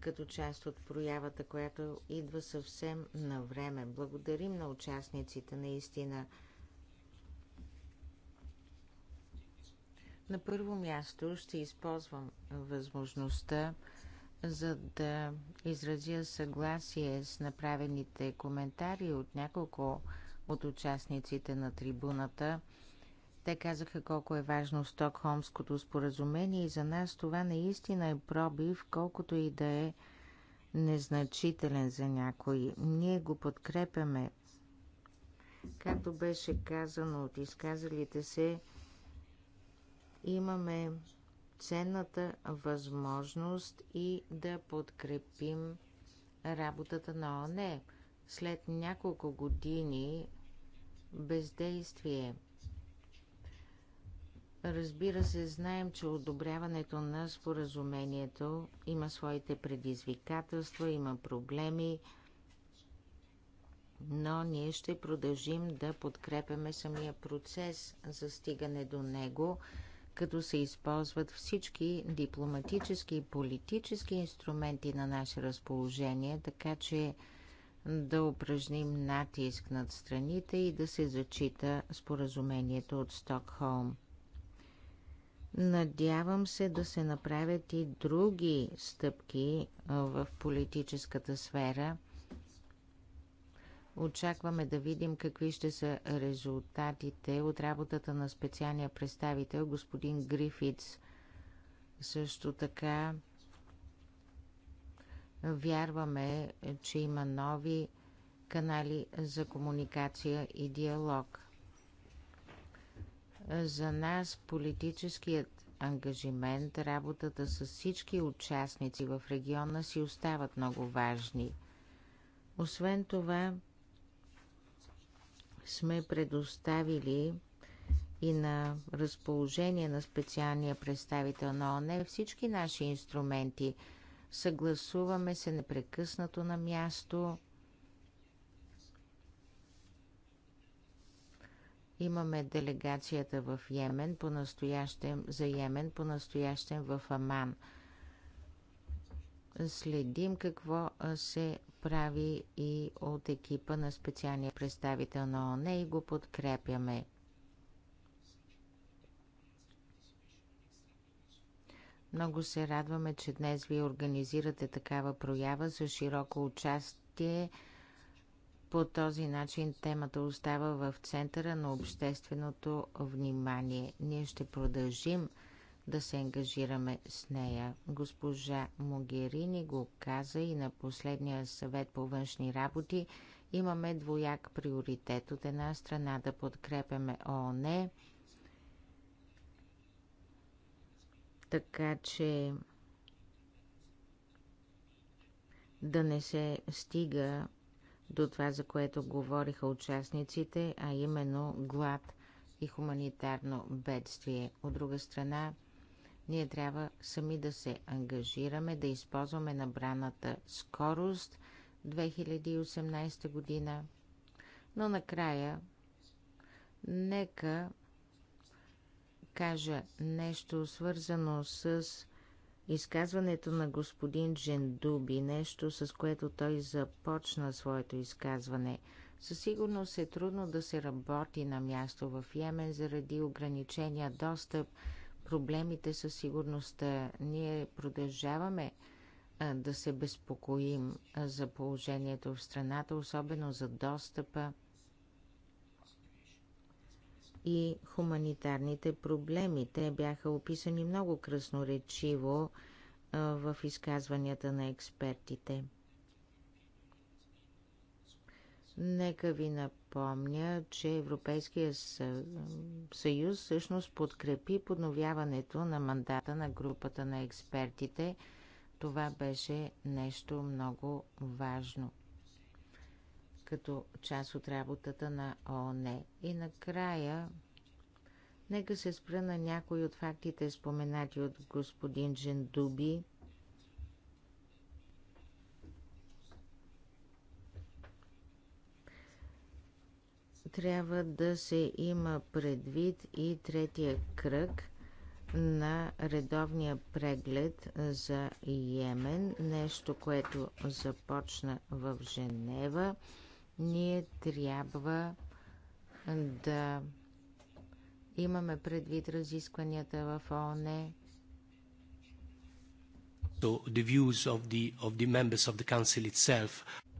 като част от проявата, която идва съвсем на време. Благодарим на участниците наистина. На първо място ще използвам възможността за да изразя съгласие с направените коментари от няколко от участниците на трибуната. Те казаха колко е важно Стокхолмското споразумение и за нас това наистина е пробив, колкото и да е незначителен за някой. Ние го подкрепяме. Както беше казано от изказалите се, имаме ценната възможност и да подкрепим работата на ОНЕ след няколко години бездействие. Разбира се, знаем, че одобряването на споразумението има своите предизвикателства, има проблеми, но ние ще продължим да подкрепяме самия процес за стигане до него като се използват всички дипломатически и политически инструменти на наше разположение, така че да упражним натиск над страните и да се зачита споразумението от Стокхолм. Надявам се да се направят и други стъпки в политическата сфера – Очакваме да видим какви ще са резултатите от работата на специалния представител господин Грифиц. Също така вярваме, че има нови канали за комуникация и диалог. За нас политическият ангажимент, работата с всички участници в региона си остават много важни. Освен това, сме предоставили и на разположение на специалния представител на ОНЕ всички наши инструменти. Съгласуваме се непрекъснато на място. Имаме делегацията в Йемен, по-настоящем за Йемен, по-настоящем в Аман. Следим какво се прави и от екипа на специалния представител на ОНЕ и го подкрепяме. Много се радваме, че днес ви организирате такава проява за широко участие. По този начин темата остава в центъра на общественото внимание. Ние ще продължим да се ангажираме с нея. Госпожа Могерини го каза и на последния съвет по външни работи. Имаме двояк приоритет. От една страна да подкрепяме ООН, така че да не се стига до това, за което говориха участниците, а именно глад и хуманитарно бедствие. От друга страна, ние трябва сами да се ангажираме, да използваме набраната скорост 2018 година. Но накрая, нека кажа нещо свързано с изказването на господин Джендуби, нещо с което той започна своето изказване. Със сигурност е трудно да се работи на място в Йемен заради ограничения достъп проблемите със сигурността. Ние продължаваме да се безпокоим за положението в страната, особено за достъпа и хуманитарните проблеми. Те бяха описани много красноречиво в изказванията на експертите. Нека ви напомня, че Европейския съюз всъщност подкрепи подновяването на мандата на групата на експертите. Това беше нещо много важно като част от работата на ООН. И накрая, нека се спра на някои от фактите, споменати от господин Джендуби трябва да се има предвид и третия кръг на редовния преглед за Йемен, нещо, което започна в Женева. Ние трябва да имаме предвид разискванията в ООН. So the views of the, of the members of the council itself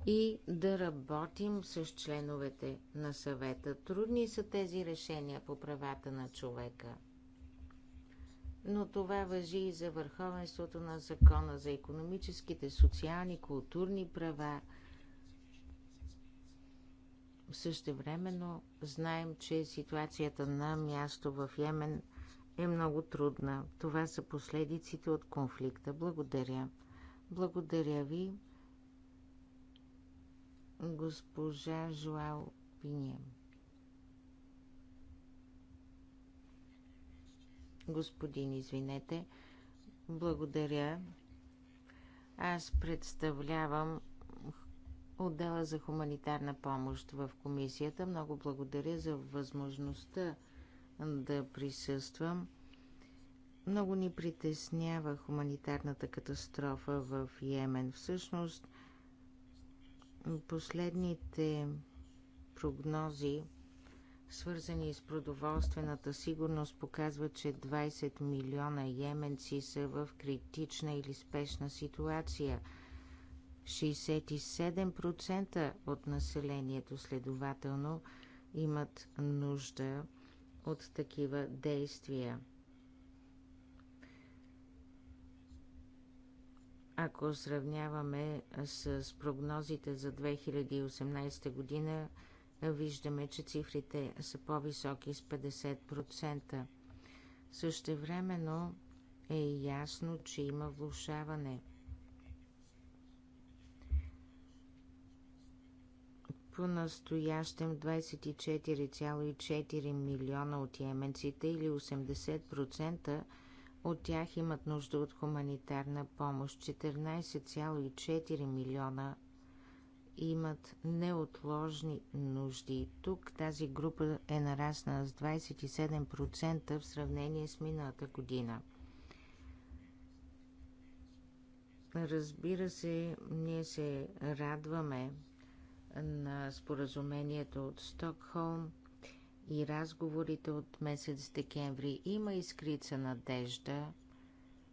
и да работим с членовете на съвета. Трудни са тези решения по правата на човека. Но това въжи и за върховенството на закона, за економическите, социални, културни права. Същевременно знаем, че ситуацията на място в Йемен е много трудна. Това са последиците от конфликта. Благодаря. Благодаря ви госпожа Жоал Пиньем. Господин, извинете, благодаря. Аз представлявам отдела за хуманитарна помощ в комисията. Много благодаря за възможността да присъствам. Много ни притеснява хуманитарната катастрофа в Йемен. Всъщност, Последните прогнози, свързани с продоволствената сигурност, показват, че 20 милиона йеменци са в критична или спешна ситуация. 67% от населението следователно имат нужда от такива действия. Ако сравняваме с прогнозите за 2018 година, виждаме, че цифрите са по-високи с 50%. Същевременно е ясно, че има влушаване. По-настоящем 24,4 милиона от йеменците или 80% от тях имат нужда от хуманитарна помощ. 14,4 милиона имат неотложни нужди. Тук тази група е нараснала с 27% в сравнение с миналата година. Разбира се, ние се радваме на споразумението от Стокхолм – и разговорите от месец декември. Има искрица надежда.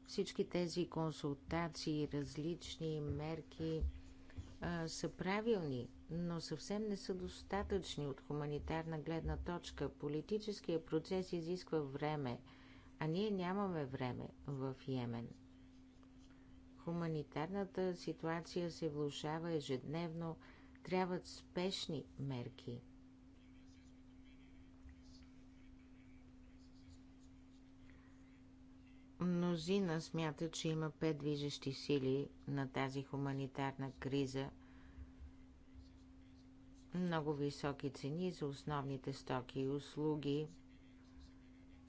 Всички тези консултации, различни мерки а, са правилни, но съвсем не са достатъчни от хуманитарна гледна точка. Политическия процес изисква време, а ние нямаме време в Йемен. Хуманитарната ситуация се влушава ежедневно. Трябват спешни мерки – Мнозина смятат, че има пет движещи сили на тази хуманитарна криза. Много високи цени за основните стоки и услуги.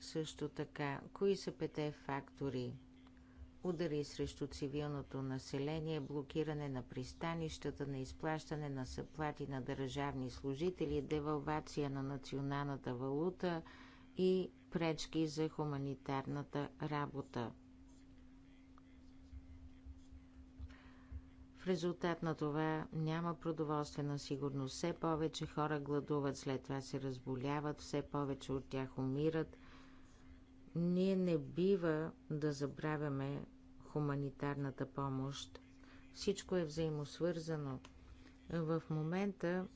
Също така, кои са пете фактори? Удари срещу цивилното население, блокиране на пристанищата, на изплащане на съплати на държавни служители, девалвация на националната валута и пречки за хуманитарната работа. В резултат на това няма продоволствена сигурност. Все повече хора гладуват, след това се разболяват, все повече от тях умират. Ние не бива да забравяме хуманитарната помощ. Всичко е взаимосвързано. В момента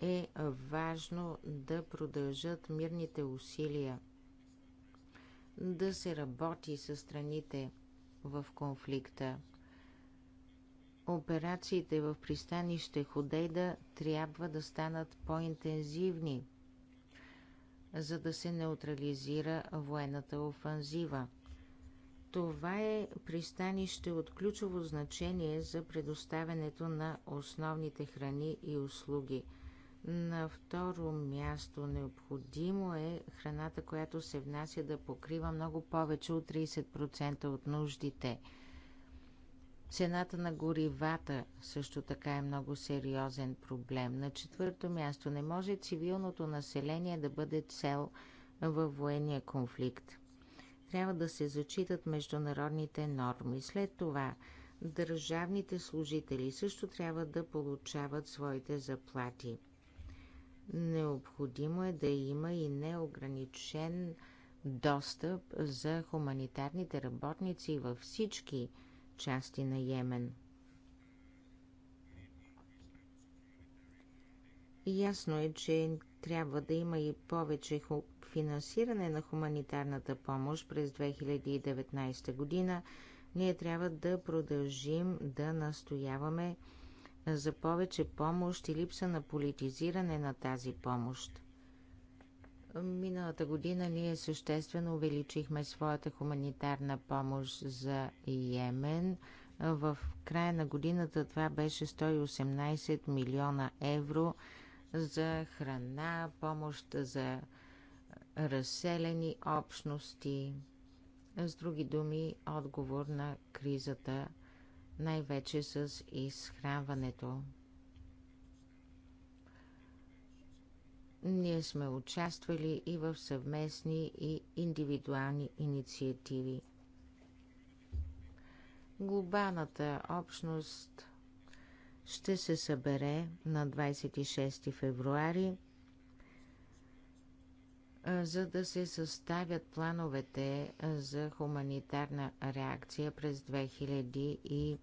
е важно да продължат мирните усилия, да се работи с страните в конфликта. Операциите в пристанище Ходейда трябва да станат по-интензивни, за да се неутрализира военната офанзива. Това е пристанище от ключово значение за предоставянето на основните храни и услуги – на второ място необходимо е храната, която се внася да покрива много повече от 30% от нуждите. Цената на горивата също така е много сериозен проблем. На четвърто място не може цивилното население да бъде цел във военния конфликт. Трябва да се зачитат международните норми. След това държавните служители също трябва да получават своите заплати. Необходимо е да има и неограничен достъп за хуманитарните работници във всички части на Йемен. Ясно е, че трябва да има и повече финансиране на хуманитарната помощ през 2019 година. Ние трябва да продължим да настояваме за повече помощ и липса на политизиране на тази помощ. Миналата година ние съществено увеличихме своята хуманитарна помощ за Йемен. В края на годината това беше 118 милиона евро за храна, помощ за разселени общности. С други думи, отговор на кризата – най-вече с изхранването. Ние сме участвали и в съвместни и индивидуални инициативи. Глобалната общност ще се събере на 26 февруари за да се съставят плановете за хуманитарна реакция през 2019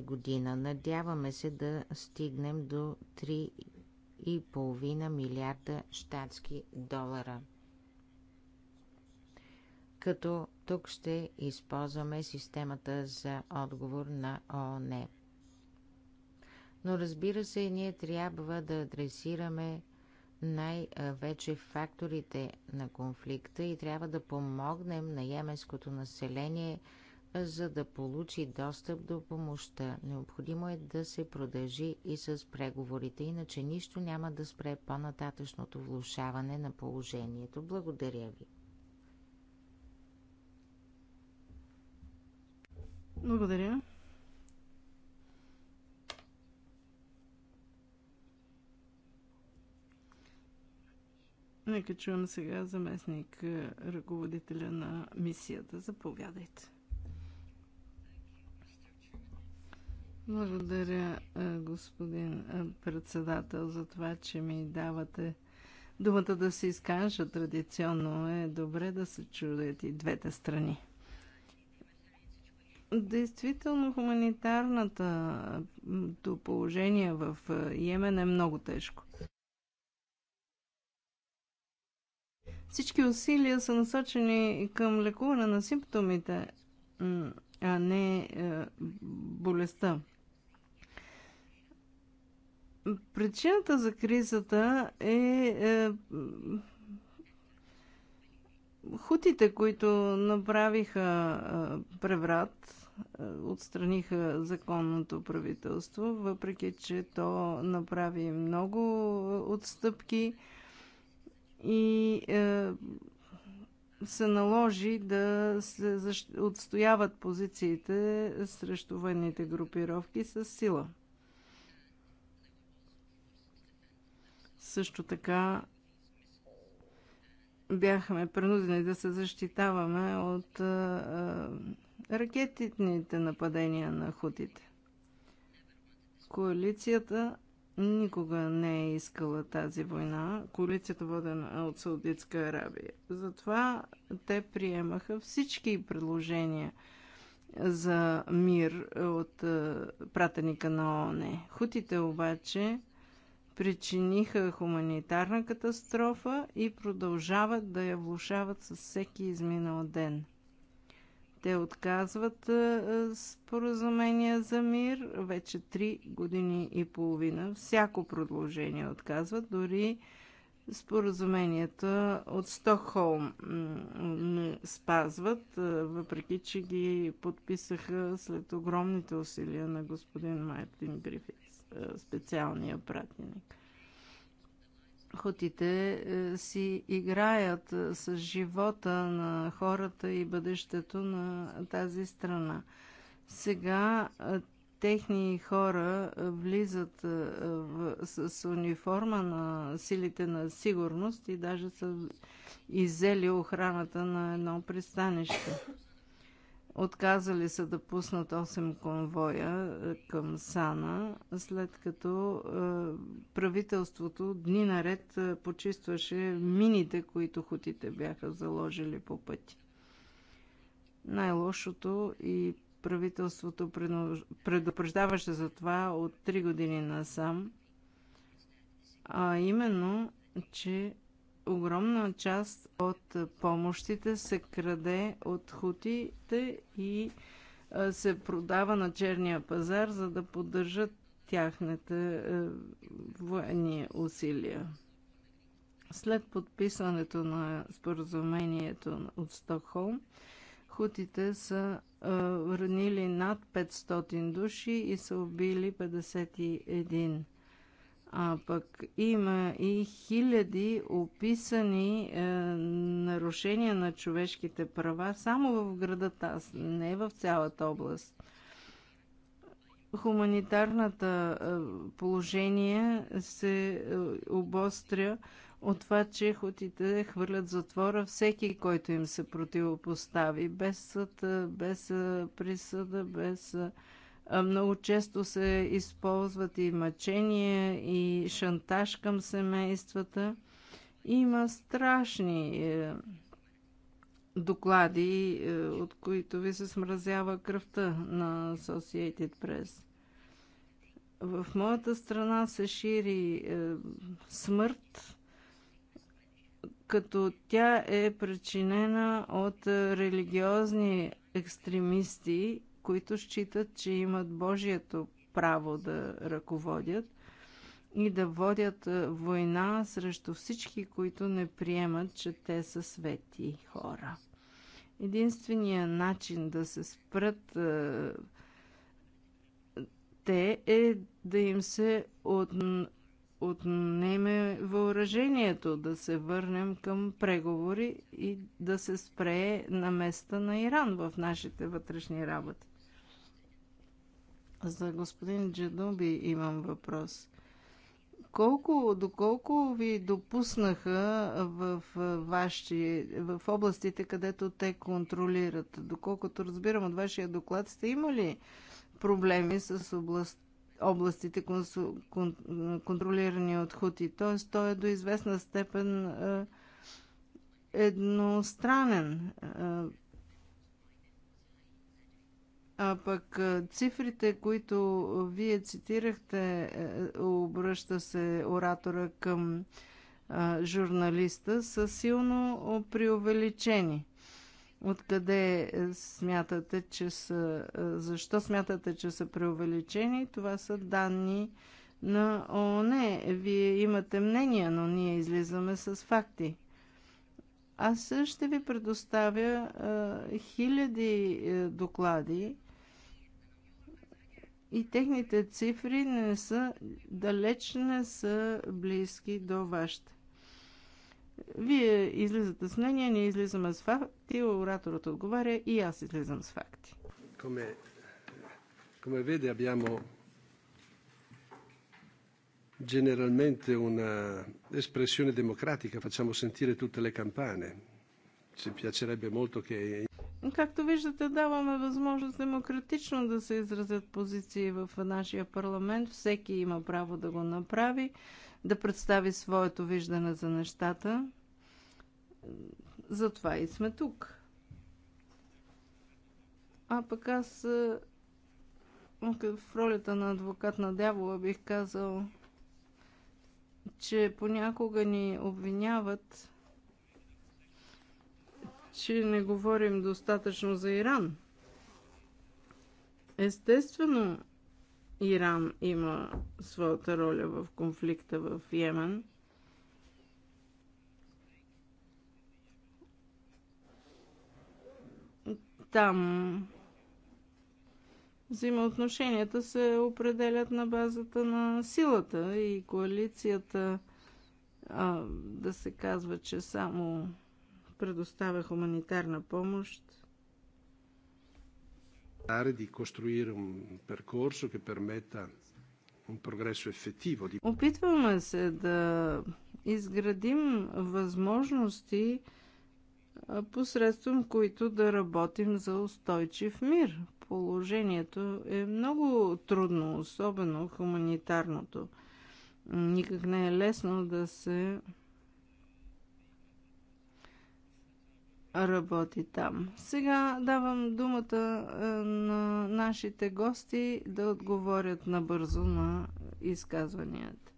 година. Надяваме се да стигнем до 3,5 милиарда щатски долара. Като тук ще използваме системата за отговор на ООН. Но разбира се, ние трябва да адресираме най-вече факторите на конфликта и трябва да помогнем на йеменското население, за да получи достъп до помощта. Необходимо е да се продължи и с преговорите, иначе нищо няма да спре по-нататъчното влушаване на положението. Благодаря ви. Благодаря. Нека чуем сега заместник е, ръководителя на мисията. Заповядайте. Благодаря, е, господин е, председател, за това, че ми давате думата да се изкажа. Традиционно е добре да се чуят и двете страни. Действително, хуманитарната положение в Йемен е много тежко. Всички усилия са насочени към лекуване на симптомите, а не е, болестта. Причината за кризата е, е хутите, които направиха е, преврат, отстраниха законното правителство, въпреки че то направи много отстъпки и е, се наложи да се защ... отстояват позициите срещу военните групировки с сила. Също така бяхме принудени да се защитаваме от е, е, ракетните нападения на хутите. Коалицията никога не е искала тази война, коалицията водена от Саудитска Арабия. Затова те приемаха всички предложения за мир от е, пратеника на ООН. Хутите обаче причиниха хуманитарна катастрофа и продължават да я влушават с всеки изминал ден – те отказват споразумения за мир вече 3 години и половина. Всяко продължение отказват, дори споразуменията от Стокхолм не спазват, въпреки че ги подписаха след огромните усилия на господин Мартин Грифит, специалния пратеник. Хотите е, си играят е, с живота на хората и бъдещето на тази страна. Сега е, техни хора влизат в, с униформа на силите на сигурност и даже са иззели охраната на едно пристанище. Отказали са да пуснат 8 конвоя е, към Сана, след като е, правителството дни наред е, почистваше мините, които хотите бяха заложили по пъти. Най-лошото и правителството предупреждаваше за това от 3 години насам, а именно, че огромна част от помощите се краде от хутите и се продава на черния пазар, за да поддържат тяхните е, военни усилия. След подписването на споразумението от Стокхолм, хутите са е, ранили над 500 души и са убили 51 а пък има и хиляди описани е, нарушения на човешките права само в града Таз, не в цялата област. Хуманитарната е, положение се е, обостря от това, че хотите хвърлят затвора всеки, който им се противопостави, без съд, без е, присъда, без е, много често се използват и мъчения, и шантаж към семействата. Има страшни е, доклади, е, от които ви се смразява кръвта на Associated Press. В моята страна се шири е, смърт, като тя е причинена от религиозни екстремисти които считат, че имат Божието право да ръководят и да водят е, война срещу всички, които не приемат, че те са свети хора. Единственият начин да се спрат е, те е да им се от, отнеме въоръжението, да се върнем към преговори и да се спрее на места на Иран в нашите вътрешни работи. За господин Джадуби имам въпрос. Колко, доколко ви допуснаха в, ваши, в областите, където те контролират? Доколкото разбирам от вашия доклад, сте имали проблеми с област, областите, кон, контролирани от хути. Т.е. той е до известна степен едностранен. А пък цифрите, които вие цитирахте, е, е, обръща се оратора към журналиста, са силно преувеличени. Откъде е, смятате, че са... Защо смятате, че са преувеличени? Това са данни на ООН. Вие имате мнение, но ние излизаме с факти. Аз ще ви предоставя а, хиляди а, доклади и техните цифри не са, далеч не са близки до вашите. Вие излизате с мнение, ние излизаме с факти, ораторът отговаря и аз излизам с факти. Come, come vede abbiamo generalmente una espressione democratica, facciamo sentire tutte le campane. Ci piacerebbe molto che Както виждате, даваме възможност демократично да се изразят позиции в нашия парламент. Всеки има право да го направи, да представи своето виждане за нещата. Затова и сме тук. А пък аз е, в ролята на адвокат на дявола бих казал, че понякога ни обвиняват че не говорим достатъчно за Иран. Естествено, Иран има своята роля в конфликта в Йемен. Там взаимоотношенията се определят на базата на силата и коалицията а, да се казва, че само предоставя хуманитарна помощ. Опитваме се да изградим възможности, посредством които да работим за устойчив мир. Положението е много трудно, особено хуманитарното. Никак не е лесно да се работи там. Сега давам думата е, на нашите гости да отговорят набързо на изказванията.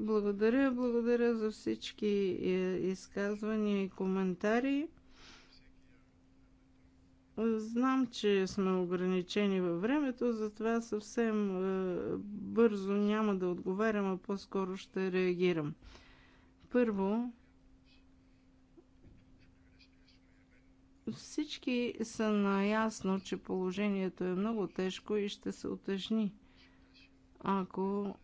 Благодаря, благодаря за всички е, изказвания и коментари. Знам, че сме ограничени във времето, затова съвсем е, бързо няма да отговарям, а по-скоро ще реагирам. Първо, Всички са наясно, че положението е много тежко и ще се отъжни. Ако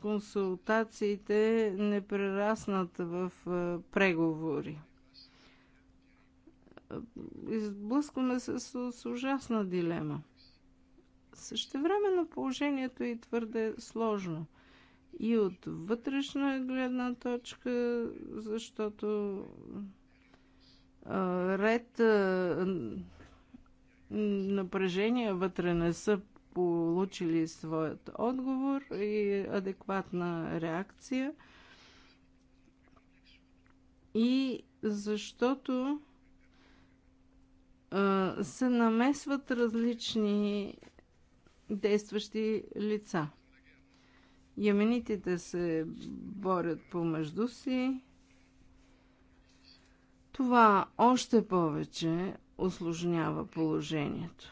консултациите не прераснат в е, преговори. Изблъскваме се с, с ужасна дилема. Същевременно положението е твърде сложно. И от вътрешна гледна точка, защото ред напрежения вътре не са получили своят отговор и адекватна реакция. И защото се намесват различни действащи лица. Яменитите се борят помежду си, това още повече осложнява положението.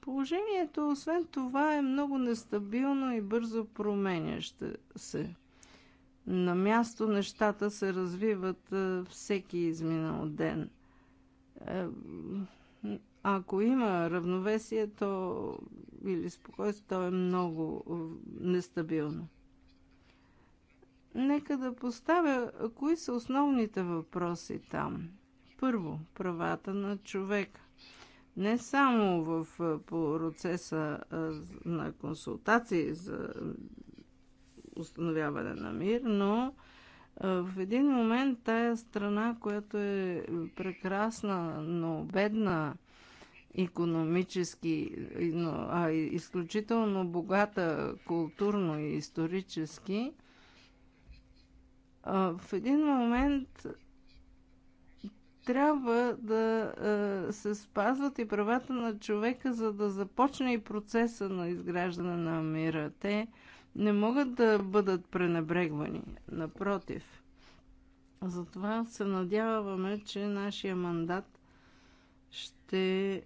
Положението, освен това, е много нестабилно и бързо променяще се. На място нещата се развиват е, всеки изминал ден. Е, ако има равновесие, то или спокойствие, то е много е, нестабилно. Нека да поставя кои са основните въпроси там. Първо, правата на човека. Не само в процеса на консултации за установяване на мир, но в един момент тая страна, която е прекрасна, но бедна економически, а изключително богата културно и исторически, в един момент трябва да се спазват и правата на човека, за да започне и процеса на изграждане на мира. Те не могат да бъдат пренебрегвани. Напротив. Затова се надяваме, че нашия мандат ще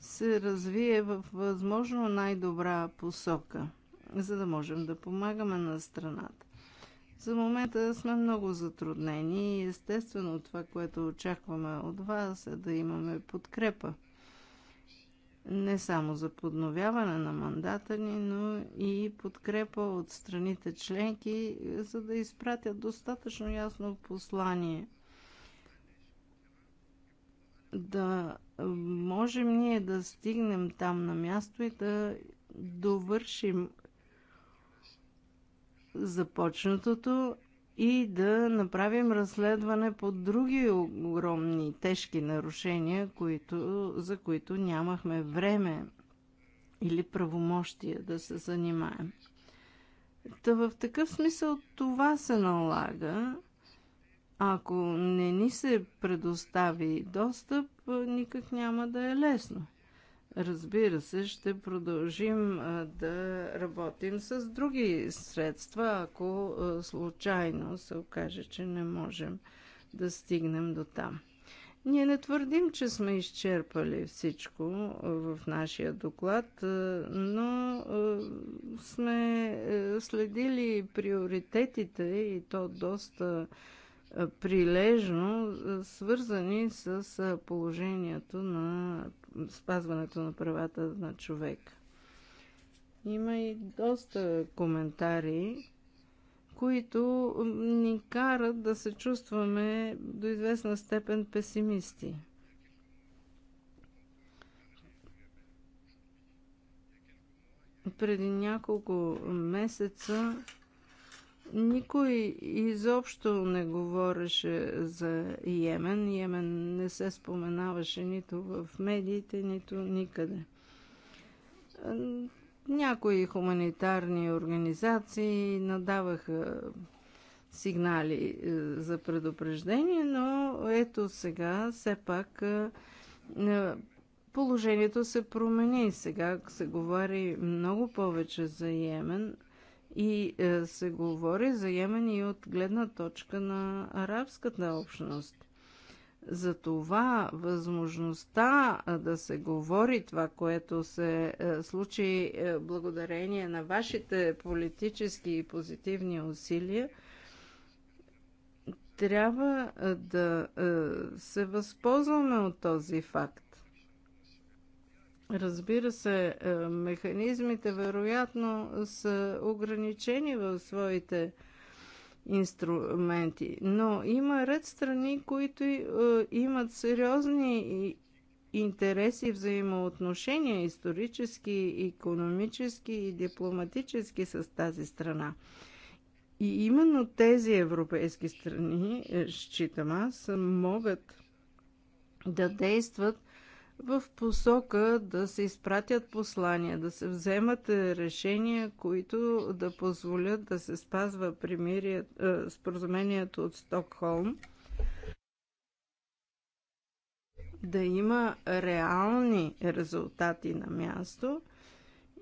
се развие в възможно най-добра посока, за да можем да помагаме на страната. За момента сме много затруднени и естествено това, което очакваме от вас е да имаме подкрепа. Не само за подновяване на мандата ни, но и подкрепа от страните членки, за да изпратят достатъчно ясно послание. Да можем ние да стигнем там на място и да довършим започнатото и да направим разследване по други огромни тежки нарушения, които, за които нямахме време или правомощия да се занимаем. Та в такъв смисъл това се налага. Ако не ни се предостави достъп, никак няма да е лесно. Разбира се, ще продължим да работим с други средства, ако случайно се окаже, че не можем да стигнем до там. Ние не твърдим, че сме изчерпали всичко в нашия доклад, но сме следили приоритетите и то доста прилежно свързани с положението на спазването на правата на човека. Има и доста коментари, които ни карат да се чувстваме до известна степен песимисти. Преди няколко месеца никой изобщо не говореше за Йемен. Йемен не се споменаваше нито в медиите, нито никъде. Някои хуманитарни организации надаваха сигнали е, за предупреждение, но ето сега все пак е, е, положението се промени. Сега се говори много повече за Йемен, и е, се говори за Йемен и от гледна точка на арабската общност. Затова възможността е, да се говори това, което се е, случи благодарение на вашите политически и позитивни усилия, трябва да се възползваме от този факт. Разбира се, е, механизмите вероятно са ограничени в своите инструменти, но има ред страни, които е, имат сериозни интереси, взаимоотношения, исторически, економически и дипломатически с тази страна. И именно тези европейски страни, е, считам аз, могат да действат в посока да се изпратят послания, да се вземат решения, които да позволят да се спазва примирие, е, споразумението от Стокхолм, да има реални резултати на място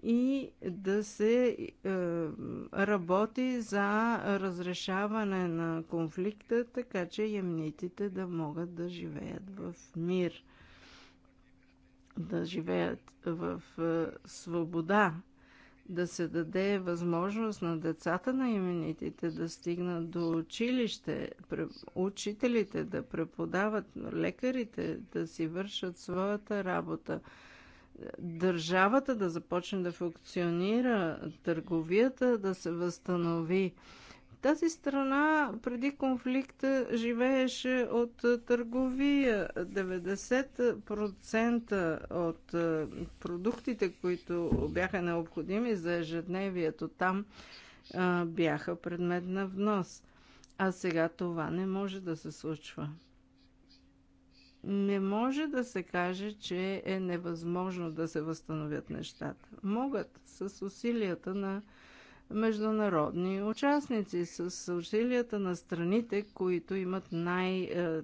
и да се е, работи за разрешаване на конфликта, така че ямнитите да могат да живеят в мир да живеят в е, свобода, да се даде възможност на децата на именитите да стигнат до училище, учителите да преподават, лекарите да си вършат своята работа, държавата да започне да функционира, търговията да се възстанови тази страна преди конфликта живееше от е, търговия. 90% от е, продуктите, които бяха необходими за ежедневието там, е, бяха предмет на внос. А сега това не може да се случва. Не може да се каже, че е невъзможно да се възстановят нещата. Могат с усилията на международни участници с усилията на страните, които имат най... Е,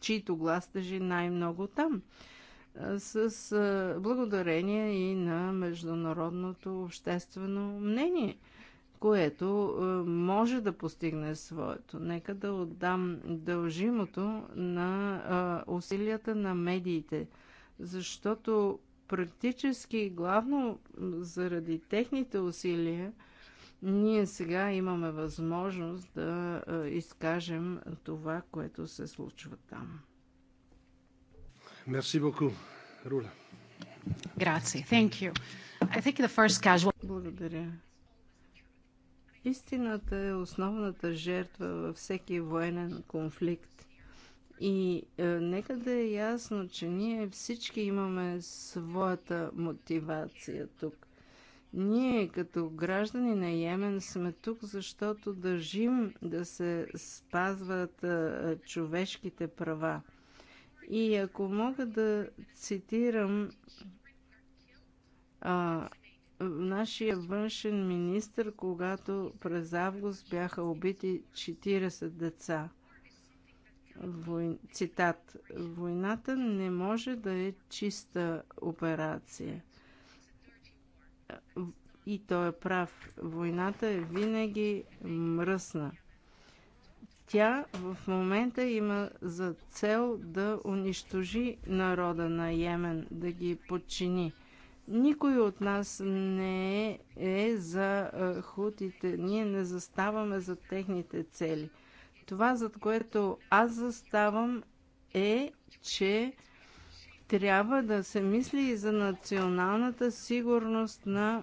чието глас тъжи най-много там. Е, с е, благодарение и на международното обществено мнение което може да постигне своето. Нека да отдам дължимото на усилията на медиите, защото практически главно заради техните усилия ние сега имаме възможност да изкажем това, което се случва там. Мерси боку, Руля. Грации, thank you. I think the first casual... Благодаря. Истината е основната жертва във всеки военен конфликт. И е, нека да е ясно, че ние всички имаме своята мотивация тук. Ние като граждани на Йемен сме тук, защото държим да се спазват е, човешките права. И ако мога да цитирам а, нашия външен министр, когато през август бяха убити 40 деца – Цитат. Войната не може да е чиста операция. И той е прав. Войната е винаги мръсна. Тя в момента има за цел да унищожи народа на Йемен, да ги подчини. Никой от нас не е, е за хутите. Ние не заставаме за техните цели – това, за което аз заставам, е, че трябва да се мисли и за националната сигурност на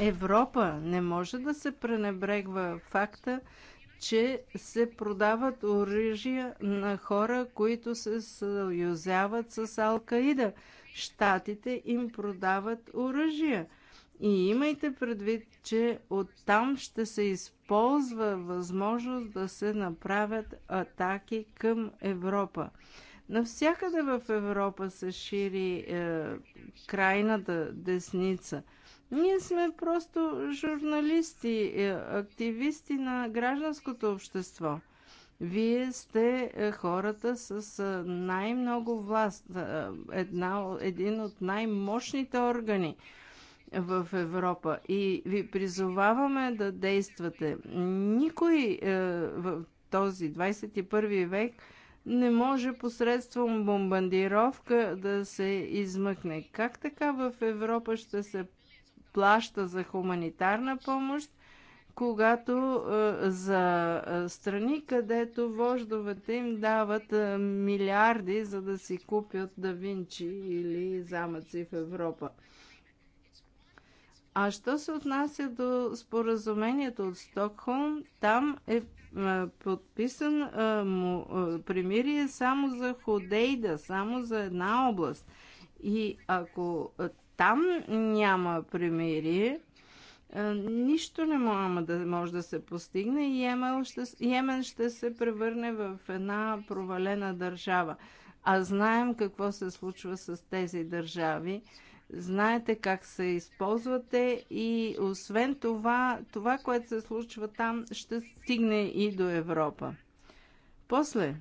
Европа. Не може да се пренебрегва факта, че се продават оръжия на хора, които се съюзяват с Алкаида. Штатите им продават оръжия. И имайте предвид, че оттам ще се използва възможност да се направят атаки към Европа. Навсякъде в Европа се шири е, крайната десница. Ние сме просто журналисти, е, активисти на гражданското общество. Вие сте е, хората с е, най-много власт, е, една, един от най-мощните органи в Европа и ви призоваваме да действате. Никой е, в този 21 век не може посредством бомбандировка да се измъкне. Как така в Европа ще се плаща за хуманитарна помощ, когато е, за е, страни, където вождовете им дават е, милиарди, за да си купят давинчи или замъци в Европа? А що се отнася до споразумението от Стокхолм, там е, е подписан е, е, примирие само за Ходейда, само за една област. И ако там няма примирие, нищо не може да, може да се постигне и Йемен ще, Йемен ще се превърне в една провалена държава. А знаем какво се случва с тези държави знаете как се използвате и освен това, това, което се случва там, ще стигне и до Европа. После,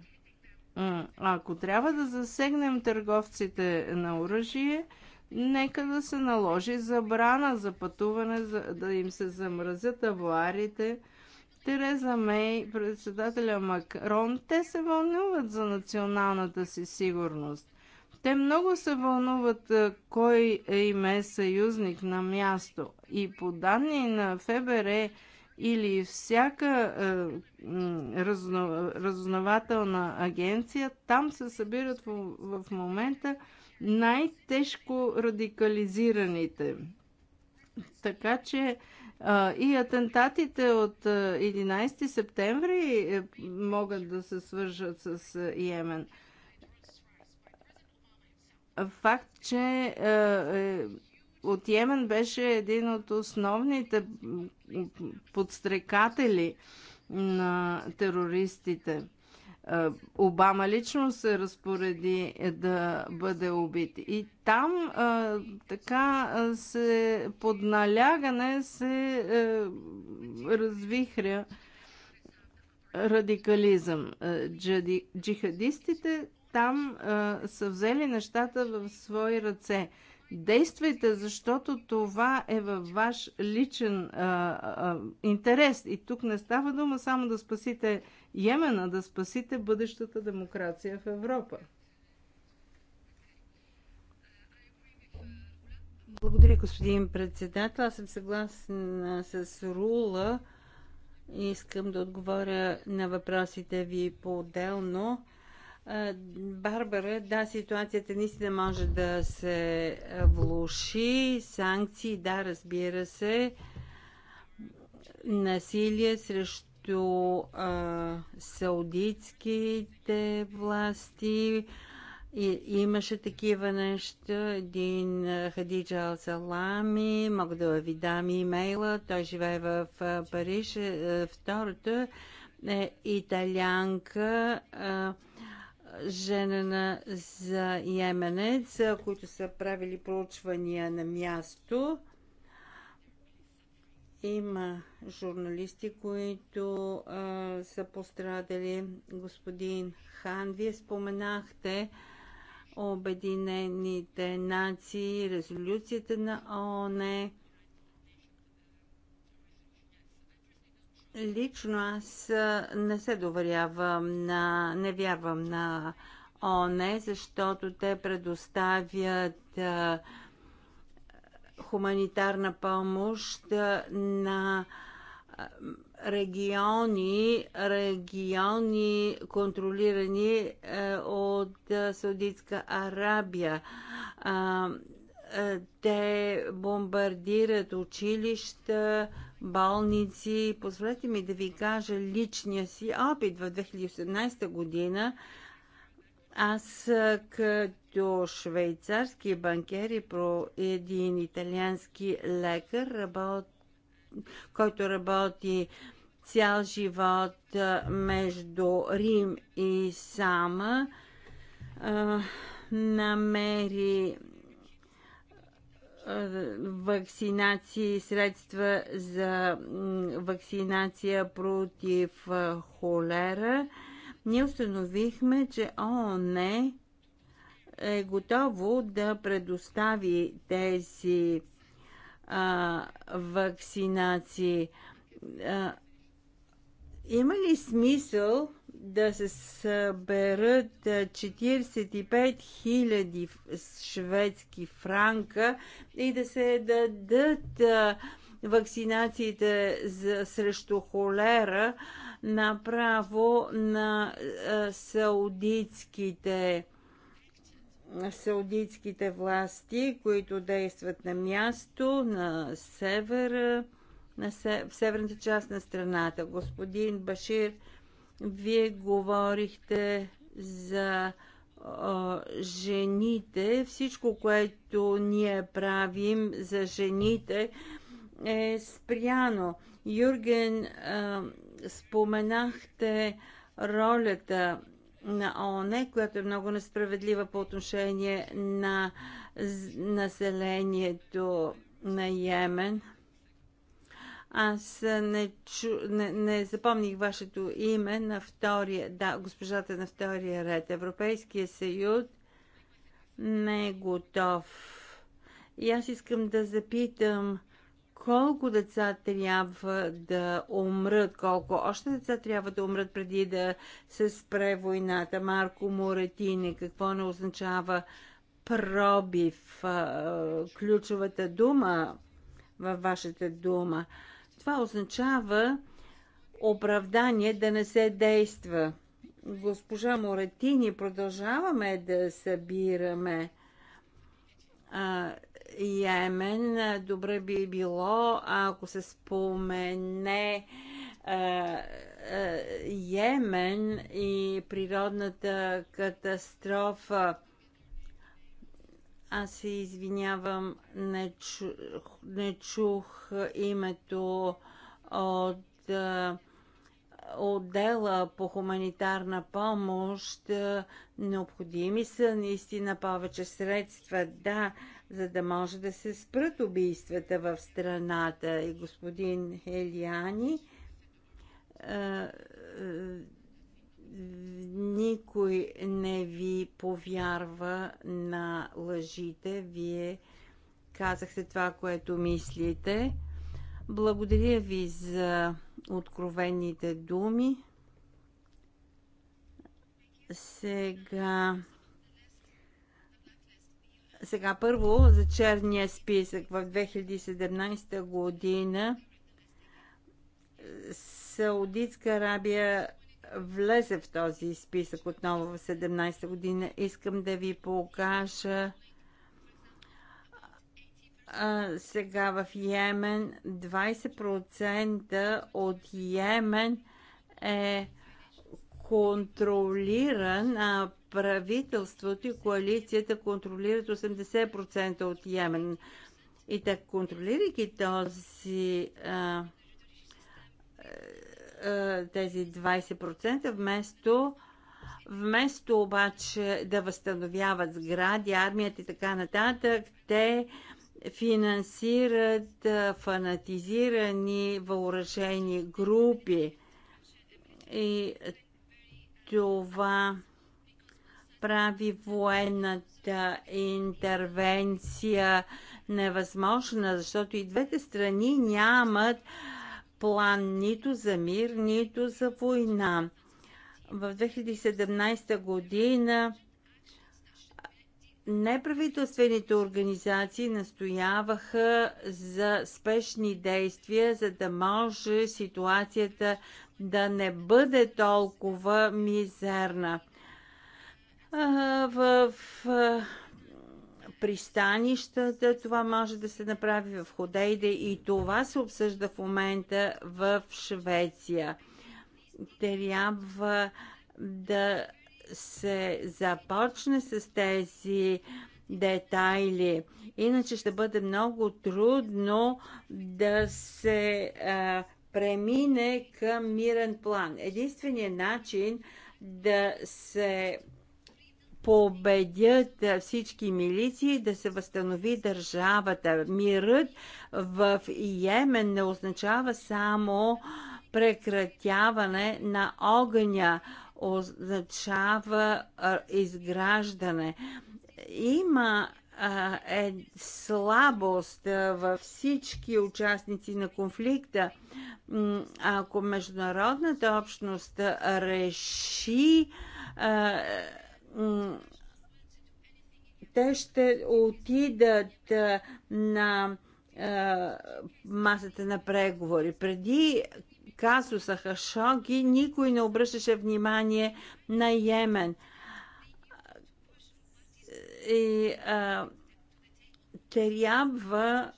ако трябва да засегнем търговците на оръжие, нека да се наложи забрана за пътуване, за да им се замразят авуарите. Тереза Мей, председателя Макрон, те се вълнуват за националната си сигурност. Те много се вълнуват кой е им е съюзник на място. И по данни на ФБР или всяка е, разно, разузнавателна агенция, там се събират в, в момента най-тежко радикализираните. Така че и атентатите от 11 септември е, могат да се свържат с Йемен факт, че е, е, от Йемен беше един от основните подстрекатели на терористите. Е, Обама лично се разпореди да бъде убит. И там така се под налягане се развихря радикализъм. джихадистите там а, са взели нещата в свои ръце. Действайте, защото това е във ваш личен а, а, интерес. И тук не става дума само да спасите Йемена, да спасите бъдещата демокрация в Европа. Благодаря, господин председател. Аз съм съгласна с Рула. Искам да отговоря на въпросите ви по-отделно. Барбара, да, ситуацията наистина може да се влуши. Санкции, да, разбира се. Насилие срещу а, саудитските власти. И, имаше такива неща. Един Хадиджа Алсалами, салами мога да ви дам имейла, той живее в Париж. Е, втората е италянка. А, женена за Йеменец, които са правили проучвания на място. Има журналисти, които а, са пострадали. Господин Хан, вие споменахте Обединените нации, резолюцията на ОНЕ. Лично аз не се доверявам на, не вярвам на ОНЕ, защото те предоставят хуманитарна помощ на региони, региони контролирани е, от Саудитска Арабия. Е, те бомбардират училища, болници. Позволете ми да ви кажа личния си опит в 2018 година. Аз като швейцарски банкер и про един италиански лекар, работ... който работи цял живот между Рим и Сама, намери вакцинации, средства за вакцинация против холера, ние установихме, че ООН е готово да предостави тези а, вакцинации. А, има ли смисъл да се съберат 45 000 шведски франка и да се дадат вакцинациите за, срещу холера направо на саудитските саудитските власти, които действат на място, на севера, на в северната част на страната. Господин Башир, вие говорихте за а, жените. Всичко, което ние правим за жените е спряно. Юрген, а, споменахте ролята на ООН, която е много несправедлива по отношение на населението на Йемен – аз не, чу, не, не запомних вашето име на втория, да, госпожата на втория ред. Европейския съюз не е готов. И аз искам да запитам колко деца трябва да умрат, колко още деца трябва да умрат преди да се спре войната. Марко Моретини, какво не означава пробив, ключовата дума във вашата дума. Това означава оправдание да не се действа. Госпожа Моретини, продължаваме да събираме а, Йемен. Добре би било, ако се спомене а, Йемен и природната катастрофа аз се извинявам, не, чу, не чух името от отдела по хуманитарна помощ. Необходими са наистина повече средства, да, за да може да се спрат убийствата в страната. И господин Елиани никой не ви повярва на лъжите. Вие казахте това, което мислите. Благодаря ви за откровените думи. Сега. Сега първо за черния списък в 2017 година Саудитска Арабия влезе в този списък отново в 17 година. Искам да ви покажа а, сега в Йемен 20% от Йемен е контролиран, а правителството и коалицията контролират 80% от Йемен. И така, контролирайки този а, е, тези 20%, вместо вместо обаче да възстановяват сгради, армията и така нататък, те финансират е, фанатизирани въоръжени групи. И това прави военната интервенция невъзможна, защото и двете страни нямат план нито за мир, нито за война. В 2017 година неправителствените организации настояваха за спешни действия, за да може ситуацията да не бъде толкова мизерна. В пристанищата. Това може да се направи в Ходейде и това се обсъжда в момента в Швеция. Трябва да се започне с тези детайли. Иначе ще бъде много трудно да се а, премине към мирен план. Единственият начин да се победят всички милиции, да се възстанови държавата. Мирът в Йемен не означава само прекратяване на огъня, означава изграждане. Има е слабост във всички участници на конфликта. Ако международната общност реши те ще отидат на масата на преговори. Преди казуса Хашоги никой не обръщаше внимание на Йемен. И а, трябва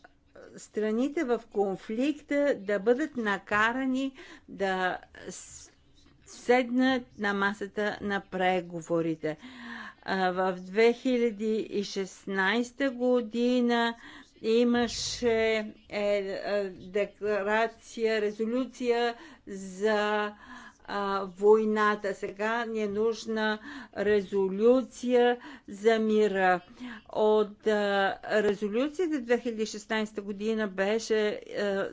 страните в конфликта да бъдат накарани да седнат на масата на преговорите. В 2016 година имаше е, е, декларация, резолюция за войната. Сега ни е нужна резолюция за мира. От резолюцията 2016 година беше е,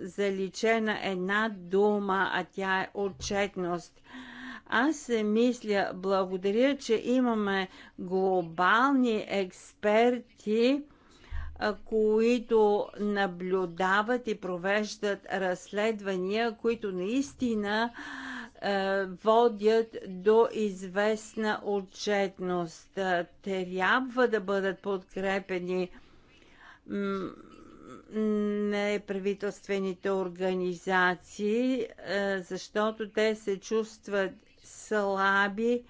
заличена една дума, а тя е отчетност. Аз се мисля, благодаря, че имаме глобални експерти, които наблюдават и провеждат разследвания, които наистина водят до известна отчетност. Трябва да бъдат подкрепени неправителствените организации, защото те се чувстват слаби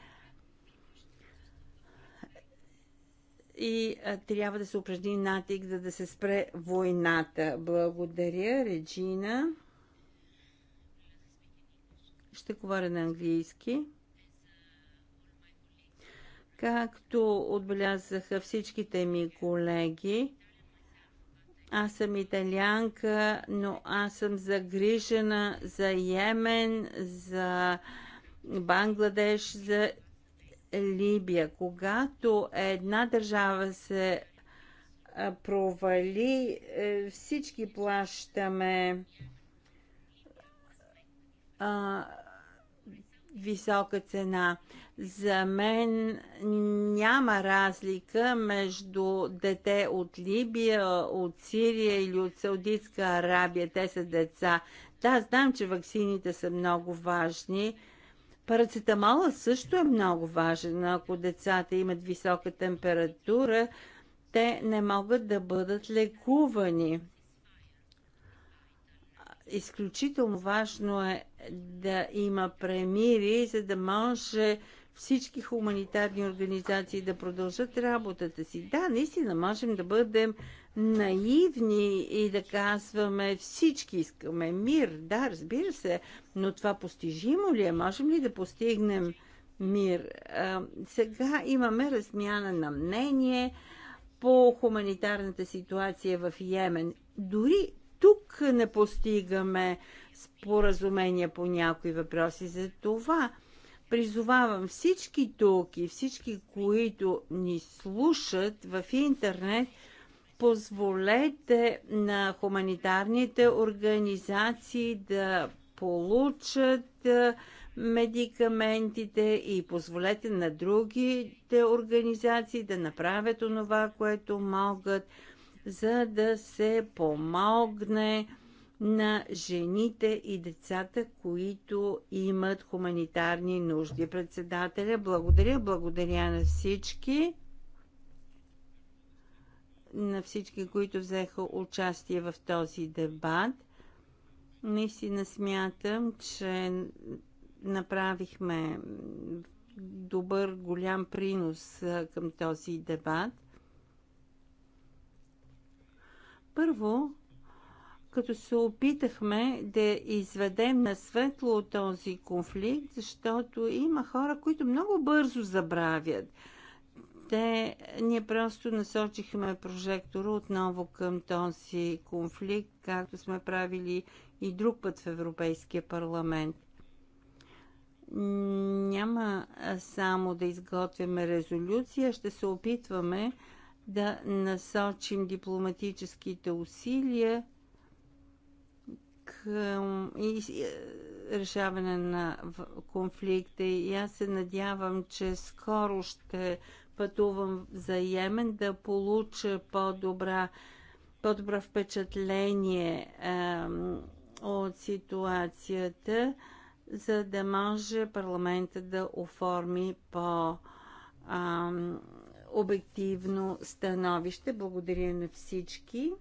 и а, трябва да се упражни натик, за да, се спре войната. Благодаря, Реджина. Ще говоря на английски. Както отбелязаха всичките ми колеги, аз съм италианка, но аз съм загрижена за Йемен, за Бангладеш, за Либия. Когато една държава се провали, е, всички плащаме а, висока цена. За мен няма разлика между дете от Либия, от Сирия или от Саудитска Арабия. Те са деца. Да, знам, че ваксините са много важни, Парацетамола също е много важен. Ако децата имат висока температура, те не могат да бъдат лекувани. Изключително важно е да има премири, за да може всички хуманитарни организации да продължат работата си. Да, наистина можем да бъдем наивни и да казваме всички искаме мир. Да, разбира се, но това постижимо ли е? Можем ли да постигнем мир? А, сега имаме размяна на мнение по хуманитарната ситуация в Йемен. Дори тук не постигаме споразумения по някои въпроси. За това призовавам всички тук и всички, които ни слушат в интернет – позволете на хуманитарните организации да получат медикаментите и позволете на другите организации да направят онова, което могат, за да се помогне на жените и децата, които имат хуманитарни нужди. Председателя, благодаря, благодаря на всички на всички, които взеха участие в този дебат. Наистина смятам, че направихме добър, голям принос към този дебат. Първо, като се опитахме да изведем на светло този конфликт, защото има хора, които много бързо забравят – те, ние просто насочихме прожектора отново към този конфликт, както сме правили и друг път в Европейския парламент. Няма само да изготвяме резолюция, ще се опитваме да насочим дипломатическите усилия към решаване на конфликта и аз се надявам, че скоро ще пътувам за Йемен, да получа по-добра, по-добро впечатление е, от ситуацията, за да може парламента да оформи по- а, обективно становище. Благодаря на всички.